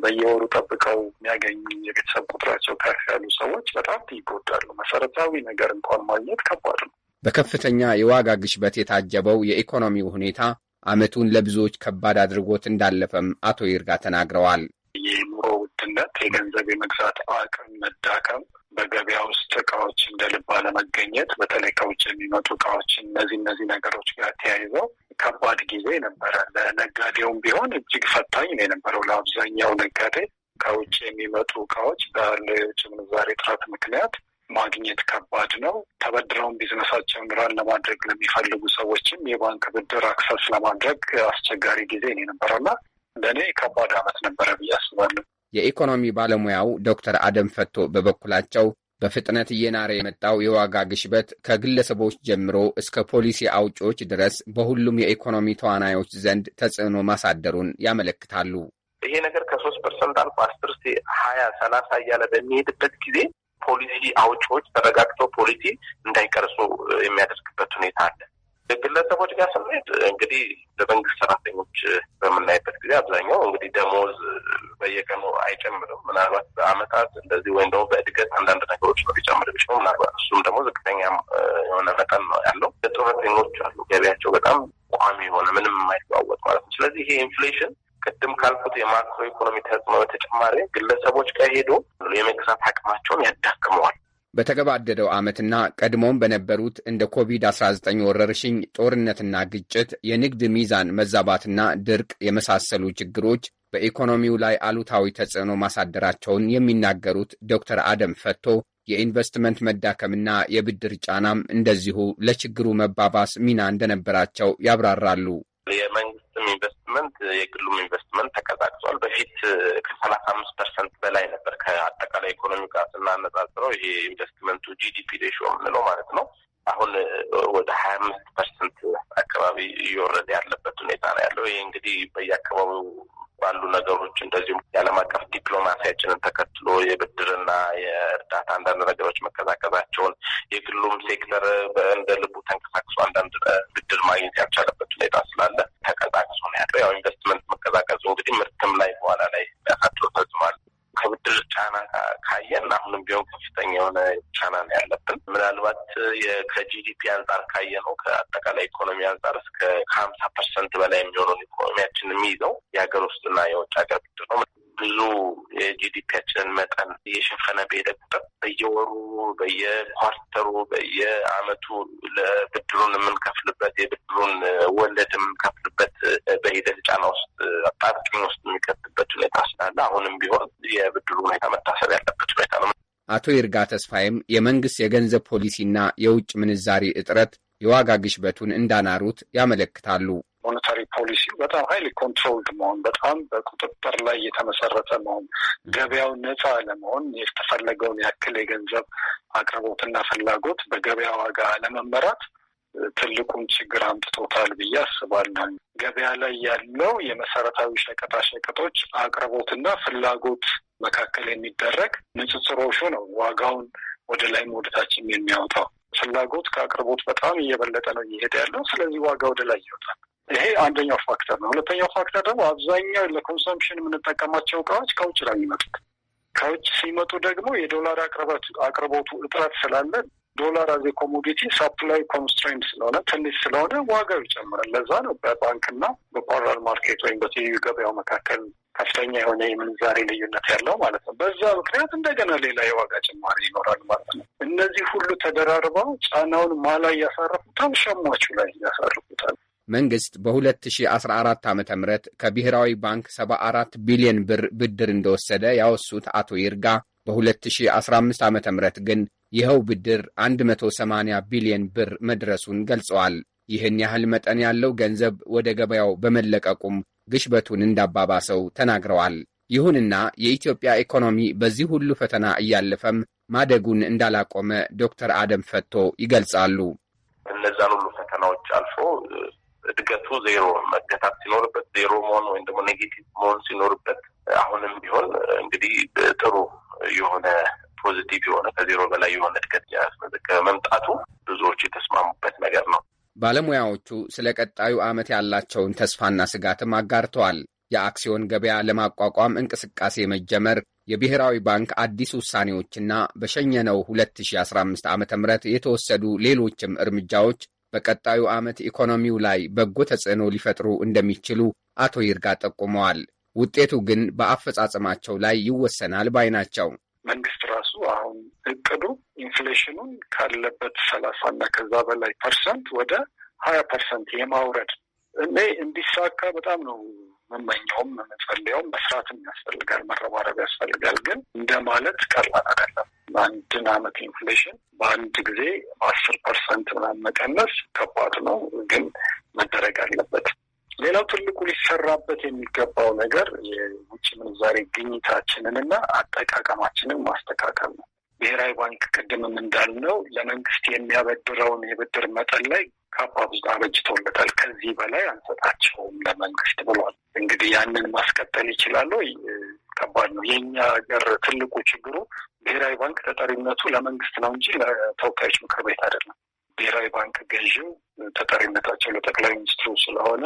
በየወሩ ጠብቀው የሚያገኙ የቤተሰብ ቁጥራቸው ከፍ ያሉ ሰዎች በጣም ይጎዳሉ። መሰረታዊ ነገር እንኳን ማግኘት ከባድ ነው። በከፍተኛ የዋጋ ግሽበት የታጀበው የኢኮኖሚው ሁኔታ ዓመቱን ለብዙዎች ከባድ አድርጎት እንዳለፈም አቶ ይርጋ ተናግረዋል። የኑሮ ውድነት፣ የገንዘብ የመግዛት አቅም መዳከም፣ በገበያ ውስጥ እቃዎች እንደ ልብ አለመገኘት፣ በተለይ ከውጭ የሚመጡ እቃዎች፣ እነዚህ እነዚህ ነገሮች ጋር ተያይዘው ከባድ ጊዜ ነበረ። ለነጋዴውም ቢሆን እጅግ ፈታኝ ነው የነበረው። ለአብዛኛው ነጋዴ ከውጭ የሚመጡ እቃዎች ባለው የውጭ ምንዛሬ እጥረት ምክንያት ማግኘት ከባድ ነው። ተበድረውን ቢዝነሳቸውን ራን ለማድረግ ለሚፈልጉ ሰዎችም የባንክ ብድር አክሰስ ለማድረግ አስቸጋሪ ጊዜ እኔ የነበረውና ለእኔ ከባድ አመት ነበረ ብዬ አስባለሁ። የኢኮኖሚ ባለሙያው ዶክተር አደም ፈቶ በበኩላቸው በፍጥነት እየናረ የመጣው የዋጋ ግሽበት ከግለሰቦች ጀምሮ እስከ ፖሊሲ አውጪዎች ድረስ በሁሉም የኢኮኖሚ ተዋናዮች ዘንድ ተጽዕኖ ማሳደሩን ያመለክታሉ። ይሄ ነገር ከሶስት ፐርሰንት አልፎ አስር ሀያ ሰላሳ እያለ በሚሄድበት ጊዜ ፖሊሲ አውጪዎች ተረጋግተው ፖሊሲ እንዳይቀርጹ የሚያደርግበት ሁኔታ አለ። ግለሰቦች ጋር ስንሄድ እንግዲህ በመንግስት ሰራተኞች በምናይበት ጊዜ አብዛኛው እንግዲህ ደሞዝ በየቀኑ አይጨምርም። ምናልባት በአመታት እንደዚህ ወይም ደግሞ በእድገት አንዳንድ ነገሮች ነው ሊጨምር ቢችሉ ምናልባት እሱም ደግሞ ዝቅተኛ የሆነ መጠን ነው ያለው። ጡረተኞች አሉ ገቢያቸው በጣም ቋሚ የሆነ ምንም የማይለዋወጥ ማለት ነው። ስለዚህ ይሄ ኢንፍሌሽን ቅድም ካልኩት የማክሮ ኢኮኖሚ ተጽዕኖ በተጨማሪ ግለሰቦች ከሄዱ የመግዛት አቅማቸውን ያዳክመዋል። በተገባደደው ዓመትና ቀድሞም በነበሩት እንደ ኮቪድ-19 ወረርሽኝ፣ ጦርነትና ግጭት፣ የንግድ ሚዛን መዛባትና ድርቅ የመሳሰሉ ችግሮች በኢኮኖሚው ላይ አሉታዊ ተጽዕኖ ማሳደራቸውን የሚናገሩት ዶክተር አደም ፈቶ የኢንቨስትመንት መዳከምና የብድር ጫናም እንደዚሁ ለችግሩ መባባስ ሚና እንደነበራቸው ያብራራሉ። የመንግስት የመንግስትም ኢንቨስትመንት የግሉም ኢንቨስትመንት ተቀዛቅዟል። በፊት ከሰላሳ አምስት ፐርሰንት በላይ ነበር ከአጠቃላይ ኢኮኖሚ ጋር ስናነጻጽረው ይሄ ኢንቨስትመንቱ ጂዲፒ ሬሽዮ የምንለው ማለት ነው። አሁን ወደ ሀያ አምስት ፐርሰንት አካባቢ እየወረደ ያለበት ሁኔታ ነው ያለው። ይሄ እንግዲህ በየአካባቢው ባሉ ነገሮች እንደዚሁም የዓለም አቀፍ ዲፕሎማሲያችንን ተከትሎ የብድርና የእርዳታ አንዳንድ ነገሮች መቀዛቀዛቸውን የግሉም ሴክተር እንደ ልቡ ተንቀሳቅሶ አንዳንድ ብድር ማግኘት ያልቻለበት ሁኔታ ስላለ ተቀዛቅሶ ነው ያለው። ያው ኢንቨስትመንት መቀዛቀዙ እንግዲህ ምርትም ላይ በኋላ ላይ ያሳድሮ ተጽሟል። ከብድር ጫና ካየን አሁንም ቢሆን ከፍተኛ የሆነ ጫና ነው ያለብን። ምናልባት ከጂዲፒ አንጻር ካየ ነው ከአጠቃላይ ኢኮኖሚ አንጻር እስከ ከሀምሳ ፐርሰንት በላይ የሚሆነውን ኢኮኖሚያችን የሚይዘው የሀገር ውስጥና የውጭ ሀገር ብድር ነው። ብዙ የጂዲፒያችንን መጠን እየሸፈነ በሄደ ቁጥር በየወሩ፣ በየኳርተሩ፣ በየአመቱ ለብድሩን የምንከፍልበት የብድሩን ወለድ የምንከፍልበት በሂደት ጫና ውስጥ አጣብቂኝ ውስጥ የሚከትበት ሁኔታ ስላለ አሁንም ቢሆን የብድሩ ሁኔታ መታሰብ ያለበት ሁኔታ ነው። አቶ ይርጋ ተስፋዬም የመንግስት የገንዘብ ፖሊሲና የውጭ ምንዛሪ እጥረት የዋጋ ግሽበቱን እንዳናሩት ያመለክታሉ። ሞኔታሪ ፖሊሲው በጣም ሀይሊ ኮንትሮልድ መሆን፣ በጣም በቁጥጥር ላይ የተመሰረተ መሆን፣ ገበያው ነፃ ለመሆን የተፈለገውን ያክል የገንዘብ አቅርቦትና ፍላጎት በገበያ ዋጋ ለመመራት ትልቁን ችግር አምጥቶታል ብዬ አስባለሁ። ገበያ ላይ ያለው የመሰረታዊ ሸቀጣሸቀጦች አቅርቦትና ፍላጎት መካከል የሚደረግ ንጽጽሮሹ ነው ዋጋውን ወደ ላይም ወደታችም የሚያወጣው ፍላጎት ከአቅርቦት በጣም እየበለጠ ነው እየሄደ ያለው። ስለዚህ ዋጋ ወደ ላይ ይወጣል። ይሄ አንደኛው ፋክተር ነው። ሁለተኛው ፋክተር ደግሞ አብዛኛው ለኮንሰምፕሽን የምንጠቀማቸው እቃዎች ከውጭ ነው የሚመጡት። ከውጭ ሲመጡ ደግሞ የዶላር አቅርቦቱ እጥረት ስላለ ዶላር አዜ ኮሞዲቲ ሳፕላይ ኮንስትሬንት ስለሆነ ትንሽ ስለሆነ ዋጋው ይጨምራል። ለዛ ነው በባንክና በፓራል ማርኬት ወይም በትይዩ ገበያው መካከል ከፍተኛ የሆነ የምንዛሬ ልዩነት ያለው ማለት ነው። በዛ ምክንያት እንደገና ሌላ የዋጋ ጭማሪ ይኖራል ማለት ነው። እነዚህ ሁሉ ተደራርበው ጫናውን ማላ ላይ ሸማቹ ላይ ያሳርፉታል። መንግስት በ2014 ዓ ም ከብሔራዊ ባንክ 74 ቢሊዮን ብር ብድር እንደወሰደ ያወሱት አቶ ይርጋ በ2015 ዓ ም ግን ይኸው ብድር 180 ቢሊዮን ብር መድረሱን ገልጸዋል። ይህን ያህል መጠን ያለው ገንዘብ ወደ ገበያው በመለቀቁም ግሽበቱን እንዳባባሰው ተናግረዋል። ይሁንና የኢትዮጵያ ኢኮኖሚ በዚህ ሁሉ ፈተና እያለፈም ማደጉን እንዳላቆመ ዶክተር አደም ፈቶ ይገልጻሉ። እነዛን ሁሉ ፈተናዎች አልፎ እድገቱ ዜሮ መገታት ሲኖርበት ዜሮ መሆን ወይም ደግሞ ኔጌቲቭ መሆን ሲኖርበት አሁንም ቢሆን እንግዲህ ጥሩ የሆነ ፖዚቲቭ የሆነ ከዜሮ በላይ የሆነ እድገት ያስመዘገበ መምጣቱ ብዙዎች የተስማሙበት ነገር ነው። ባለሙያዎቹ ስለ ቀጣዩ ዓመት ያላቸውን ተስፋና ስጋትም አጋርተዋል። የአክሲዮን ገበያ ለማቋቋም እንቅስቃሴ መጀመር የብሔራዊ ባንክ አዲስ ውሳኔዎችና በሸኘነው 2015 ዓ ም የተወሰዱ ሌሎችም እርምጃዎች በቀጣዩ ዓመት ኢኮኖሚው ላይ በጎ ተጽዕኖ ሊፈጥሩ እንደሚችሉ አቶ ይርጋ ጠቁመዋል። ውጤቱ ግን በአፈጻጸማቸው ላይ ይወሰናል ባይ ናቸው። መንግስት ራሱ አሁን እቅዱ ኢንፍሌሽኑን ካለበት ሰላሳ እና ከዛ በላይ ፐርሰንት ወደ ሀያ ፐርሰንት የማውረድ እኔ እንዲሳካ በጣም ነው የምመኘውም የምንፈልገውም መስራትም ያስፈልጋል፣ መረባረብ ያስፈልጋል። ግን እንደ ማለት ቀላል አይደለም። አንድን አመት ኢንፍሌሽን በአንድ ጊዜ በአስር ፐርሰንት ምናምን መቀነስ ከባድ ነው፣ ግን መደረግ አለበት። ሌላው ትልቁ ሊሰራበት የሚገባው ነገር የውጭ ምንዛሬ ግኝታችንን እና አጠቃቀማችንን ማስተካከል ነው። ብሔራዊ ባንክ ቅድምም እንዳልነው ለመንግስት የሚያበድረውን የብድር መጠን ላይ ካፓ ብዙ አበጅቶለታል። ከዚህ በላይ አንሰጣቸውም ለመንግስት ብሏል። እንግዲህ ያንን ማስቀጠል ይችላሉ። ከባድ ነው። የእኛ ሀገር ትልቁ ችግሩ ብሔራዊ ባንክ ተጠሪነቱ ለመንግስት ነው እንጂ ለተወካዮች ምክር ቤት አይደለም። ብሔራዊ ባንክ ገዥው ተጠሪነታቸው ለጠቅላይ ሚኒስትሩ ስለሆነ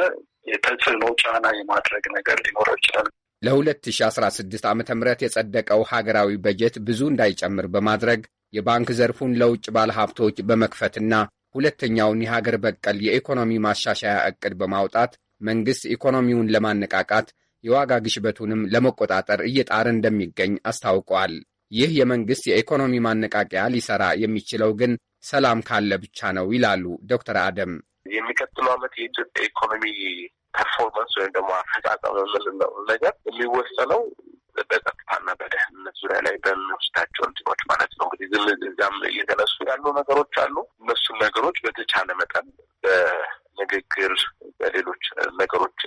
የተጽዕኖ ጫና የማድረግ ነገር ሊኖረው ይችላል። ለ2016 ዓ ም የጸደቀው ሀገራዊ በጀት ብዙ እንዳይጨምር በማድረግ የባንክ ዘርፉን ለውጭ ባለሀብቶች በመክፈትና ሁለተኛውን የሀገር በቀል የኢኮኖሚ ማሻሻያ ዕቅድ በማውጣት መንግሥት ኢኮኖሚውን ለማነቃቃት የዋጋ ግሽበቱንም ለመቆጣጠር እየጣረ እንደሚገኝ አስታውቀዋል። ይህ የመንግሥት የኢኮኖሚ ማነቃቂያ ሊሰራ የሚችለው ግን ሰላም ካለ ብቻ ነው ይላሉ ዶክተር አደም። የሚቀጥለው ዓመት የኢትዮጵያ ኢኮኖሚ ፐርፎርማንስ ወይም ደግሞ አፈጻጸም የምንለው ነገር የሚወሰነው በጸጥታና በደህንነት ዙሪያ ላይ በሚወስዳቸው እንትኖች ማለት ነው። እንግዲህ ዝም እየተነሱ ያሉ ነገሮች አሉ። እነሱም ነገሮች በተቻለ መጠን በንግግር በሌሎች ነገሮች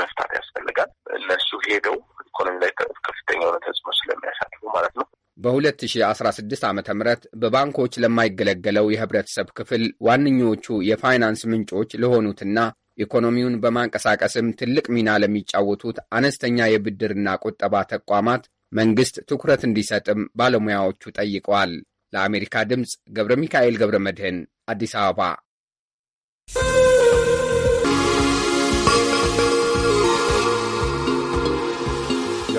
መፍታት ያስፈልጋል። እነሱ ሄደው ኢኮኖሚ ላይ ከፍተኛ የሆነ ተጽዕኖ ስለሚያሳድሩ ማለት ነው። በ2016 ዓ ም በባንኮች ለማይገለገለው የህብረተሰብ ክፍል ዋነኞቹ የፋይናንስ ምንጮች ለሆኑትና ኢኮኖሚውን በማንቀሳቀስም ትልቅ ሚና ለሚጫወቱት አነስተኛ የብድርና ቁጠባ ተቋማት መንግስት ትኩረት እንዲሰጥም ባለሙያዎቹ ጠይቀዋል። ለአሜሪካ ድምፅ ገብረ ሚካኤል ገብረ መድህን አዲስ አበባ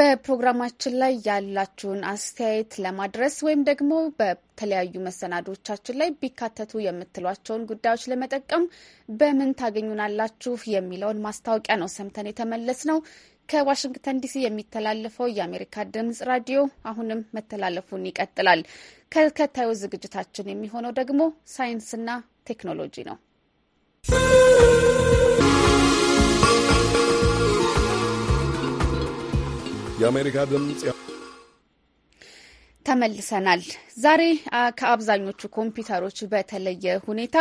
በፕሮግራማችን ላይ ያላችሁን አስተያየት ለማድረስ ወይም ደግሞ በተለያዩ መሰናዶቻችን ላይ ቢካተቱ የምትሏቸውን ጉዳዮች ለመጠቀም በምን ታገኙናላችሁ የሚለውን ማስታወቂያ ነው ሰምተን የተመለስ ነው። ከዋሽንግተን ዲሲ የሚተላለፈው የአሜሪካ ድምጽ ራዲዮ አሁንም መተላለፉን ይቀጥላል። ከተከታዩ ዝግጅታችን የሚሆነው ደግሞ ሳይንስና ቴክኖሎጂ ነው። የአሜሪካ ድምጽ ተመልሰናል። ዛሬ ከአብዛኞቹ ኮምፒውተሮች በተለየ ሁኔታ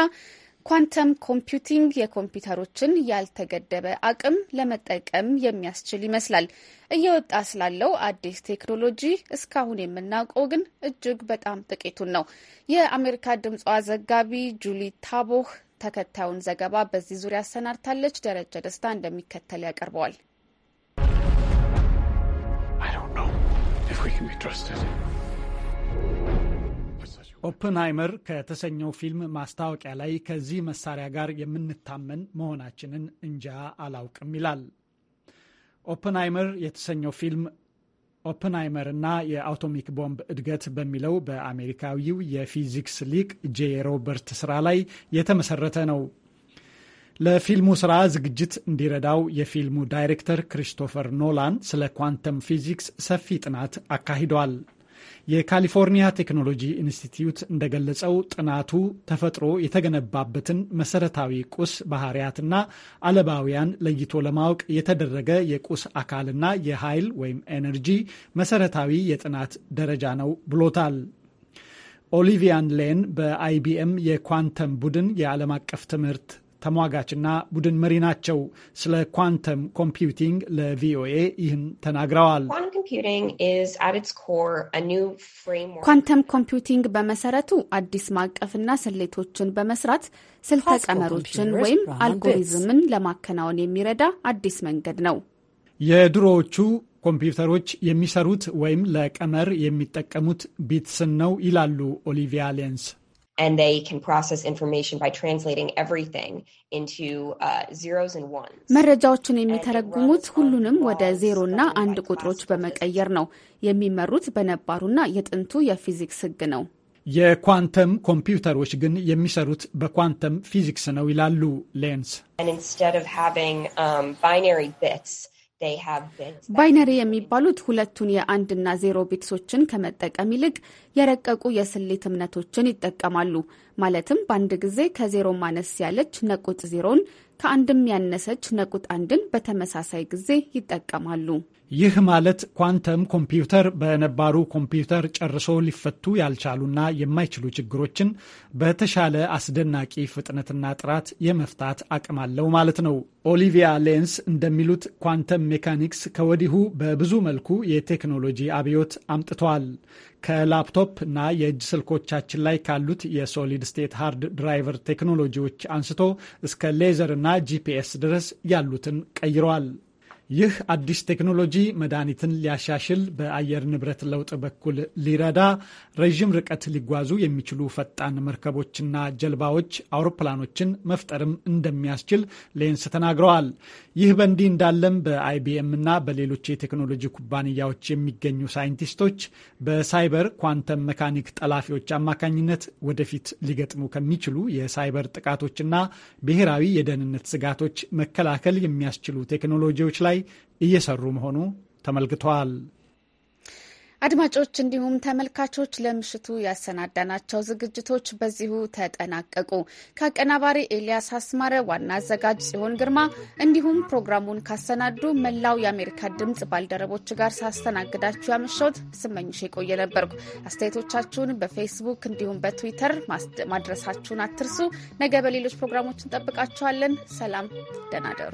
ኳንተም ኮምፒውቲንግ የኮምፒውተሮችን ያልተገደበ አቅም ለመጠቀም የሚያስችል ይመስላል። እየወጣ ስላለው አዲስ ቴክኖሎጂ እስካሁን የምናውቀው ግን እጅግ በጣም ጥቂቱን ነው። የአሜሪካ ድምጿ ዘጋቢ ጁሊ ታቦህ ተከታዩን ዘገባ በዚህ ዙሪያ አሰናድታለች። ደረጀ ደስታ እንደሚከተል ያቀርበዋል። ኦፕንሃይመር ከተሰኘው ፊልም ማስታወቂያ ላይ ከዚህ መሳሪያ ጋር የምንታመን መሆናችንን እንጃ አላውቅም ይላል። ኦፕንሃይመር የተሰኘው ፊልም ኦፕንሃይመር እና የአቶሚክ ቦምብ እድገት በሚለው በአሜሪካዊው የፊዚክስ ሊቅ ጄ ሮበርት ስራ ላይ የተመሰረተ ነው። ለፊልሙ ስራ ዝግጅት እንዲረዳው የፊልሙ ዳይሬክተር ክሪስቶፈር ኖላን ስለ ኳንተም ፊዚክስ ሰፊ ጥናት አካሂደዋል። የካሊፎርኒያ ቴክኖሎጂ ኢንስቲትዩት እንደገለጸው ጥናቱ ተፈጥሮ የተገነባበትን መሰረታዊ ቁስ ባህሪያትና አለባውያን ለይቶ ለማወቅ የተደረገ የቁስ አካልና የኃይል ወይም ኤነርጂ መሰረታዊ የጥናት ደረጃ ነው ብሎታል። ኦሊቪያን ሌን በአይቢኤም የኳንተም ቡድን የዓለም አቀፍ ትምህርት ተሟጋችና ቡድን መሪ ናቸው። ስለ ኳንተም ኮምፒውቲንግ ለቪኦኤ ይህን ተናግረዋል። ኳንተም ኮምፒውቲንግ በመሰረቱ አዲስ ማዕቀፍና ስሌቶችን በመስራት ስልተ ቀመሮችን ወይም አልጎሪዝምን ለማከናወን የሚረዳ አዲስ መንገድ ነው። የድሮዎቹ ኮምፒውተሮች የሚሰሩት ወይም ለቀመር የሚጠቀሙት ቢትስን ነው ይላሉ ኦሊቪያ ሌንስ። and they can process information by translating everything into uh, zeros and ones. መረጃዎችን የሚተረጉሙት ሁሉንም ወደ ዜሮና አንድ ቁጥሮች በመቀየር ነው። የሚመሩት በነባሩና የጥንቱ የፊዚክስ ሕግ ነው። የኳንተም ኮምፒውተሮች ግን የሚሰሩት በኳንተም ፊዚክስ ነው ይላሉ ሌንስ። And instead of having um, binary bits, ባይነሪ የሚባሉት ሁለቱን የአንድና ዜሮ ቤትሶችን ከመጠቀም ይልቅ የረቀቁ የስሌት እምነቶችን ይጠቀማሉ። ማለትም በአንድ ጊዜ ከዜሮ ማነስ ያለች ነቁጥ ዜሮን ከአንድም ያነሰች ነቁጥ አንድን በተመሳሳይ ጊዜ ይጠቀማሉ። ይህ ማለት ኳንተም ኮምፒውተር በነባሩ ኮምፒውተር ጨርሶ ሊፈቱ ያልቻሉና የማይችሉ ችግሮችን በተሻለ አስደናቂ ፍጥነትና ጥራት የመፍታት አቅም አለው ማለት ነው። ኦሊቪያ ሌንስ እንደሚሉት ኳንተም ሜካኒክስ ከወዲሁ በብዙ መልኩ የቴክኖሎጂ አብዮት አምጥተዋል። ከላፕቶፕ እና የእጅ ስልኮቻችን ላይ ካሉት የሶሊድ ስቴት ሃርድ ድራይቨር ቴክኖሎጂዎች አንስቶ እስከ ሌዘር እና ጂፒኤስ ድረስ ያሉትን ቀይረዋል። ይህ አዲስ ቴክኖሎጂ መድኃኒትን ሊያሻሽል በአየር ንብረት ለውጥ በኩል ሊረዳ ረዥም ርቀት ሊጓዙ የሚችሉ ፈጣን መርከቦችና ጀልባዎች፣ አውሮፕላኖችን መፍጠርም እንደሚያስችል ሌንስ ተናግረዋል። ይህ በእንዲህ እንዳለም በአይቢኤም እና በሌሎች የቴክኖሎጂ ኩባንያዎች የሚገኙ ሳይንቲስቶች በሳይበር ኳንተም መካኒክ ጠላፊዎች አማካኝነት ወደፊት ሊገጥሙ ከሚችሉ የሳይበር ጥቃቶችና ብሔራዊ የደህንነት ስጋቶች መከላከል የሚያስችሉ ቴክኖሎጂዎች ላይ እየሰሩ መሆኑ ተመልክተዋል። አድማጮች እንዲሁም ተመልካቾች ለምሽቱ ያሰናዳናቸው ዝግጅቶች በዚሁ ተጠናቀቁ። ከአቀናባሪ ኤልያስ አስማረ፣ ዋና አዘጋጅ ጽዮን ግርማ እንዲሁም ፕሮግራሙን ካሰናዱ መላው የአሜሪካ ድምፅ ባልደረቦች ጋር ሳስተናግዳችሁ ያመሸሁት ስመኝሽ የቆየ ነበርኩ። አስተያየቶቻችሁን በፌስቡክ እንዲሁም በትዊተር ማድረሳችሁን አትርሱ። ነገ በሌሎች ፕሮግራሞች እንጠብቃችኋለን። ሰላም፣ ደህና ደሩ።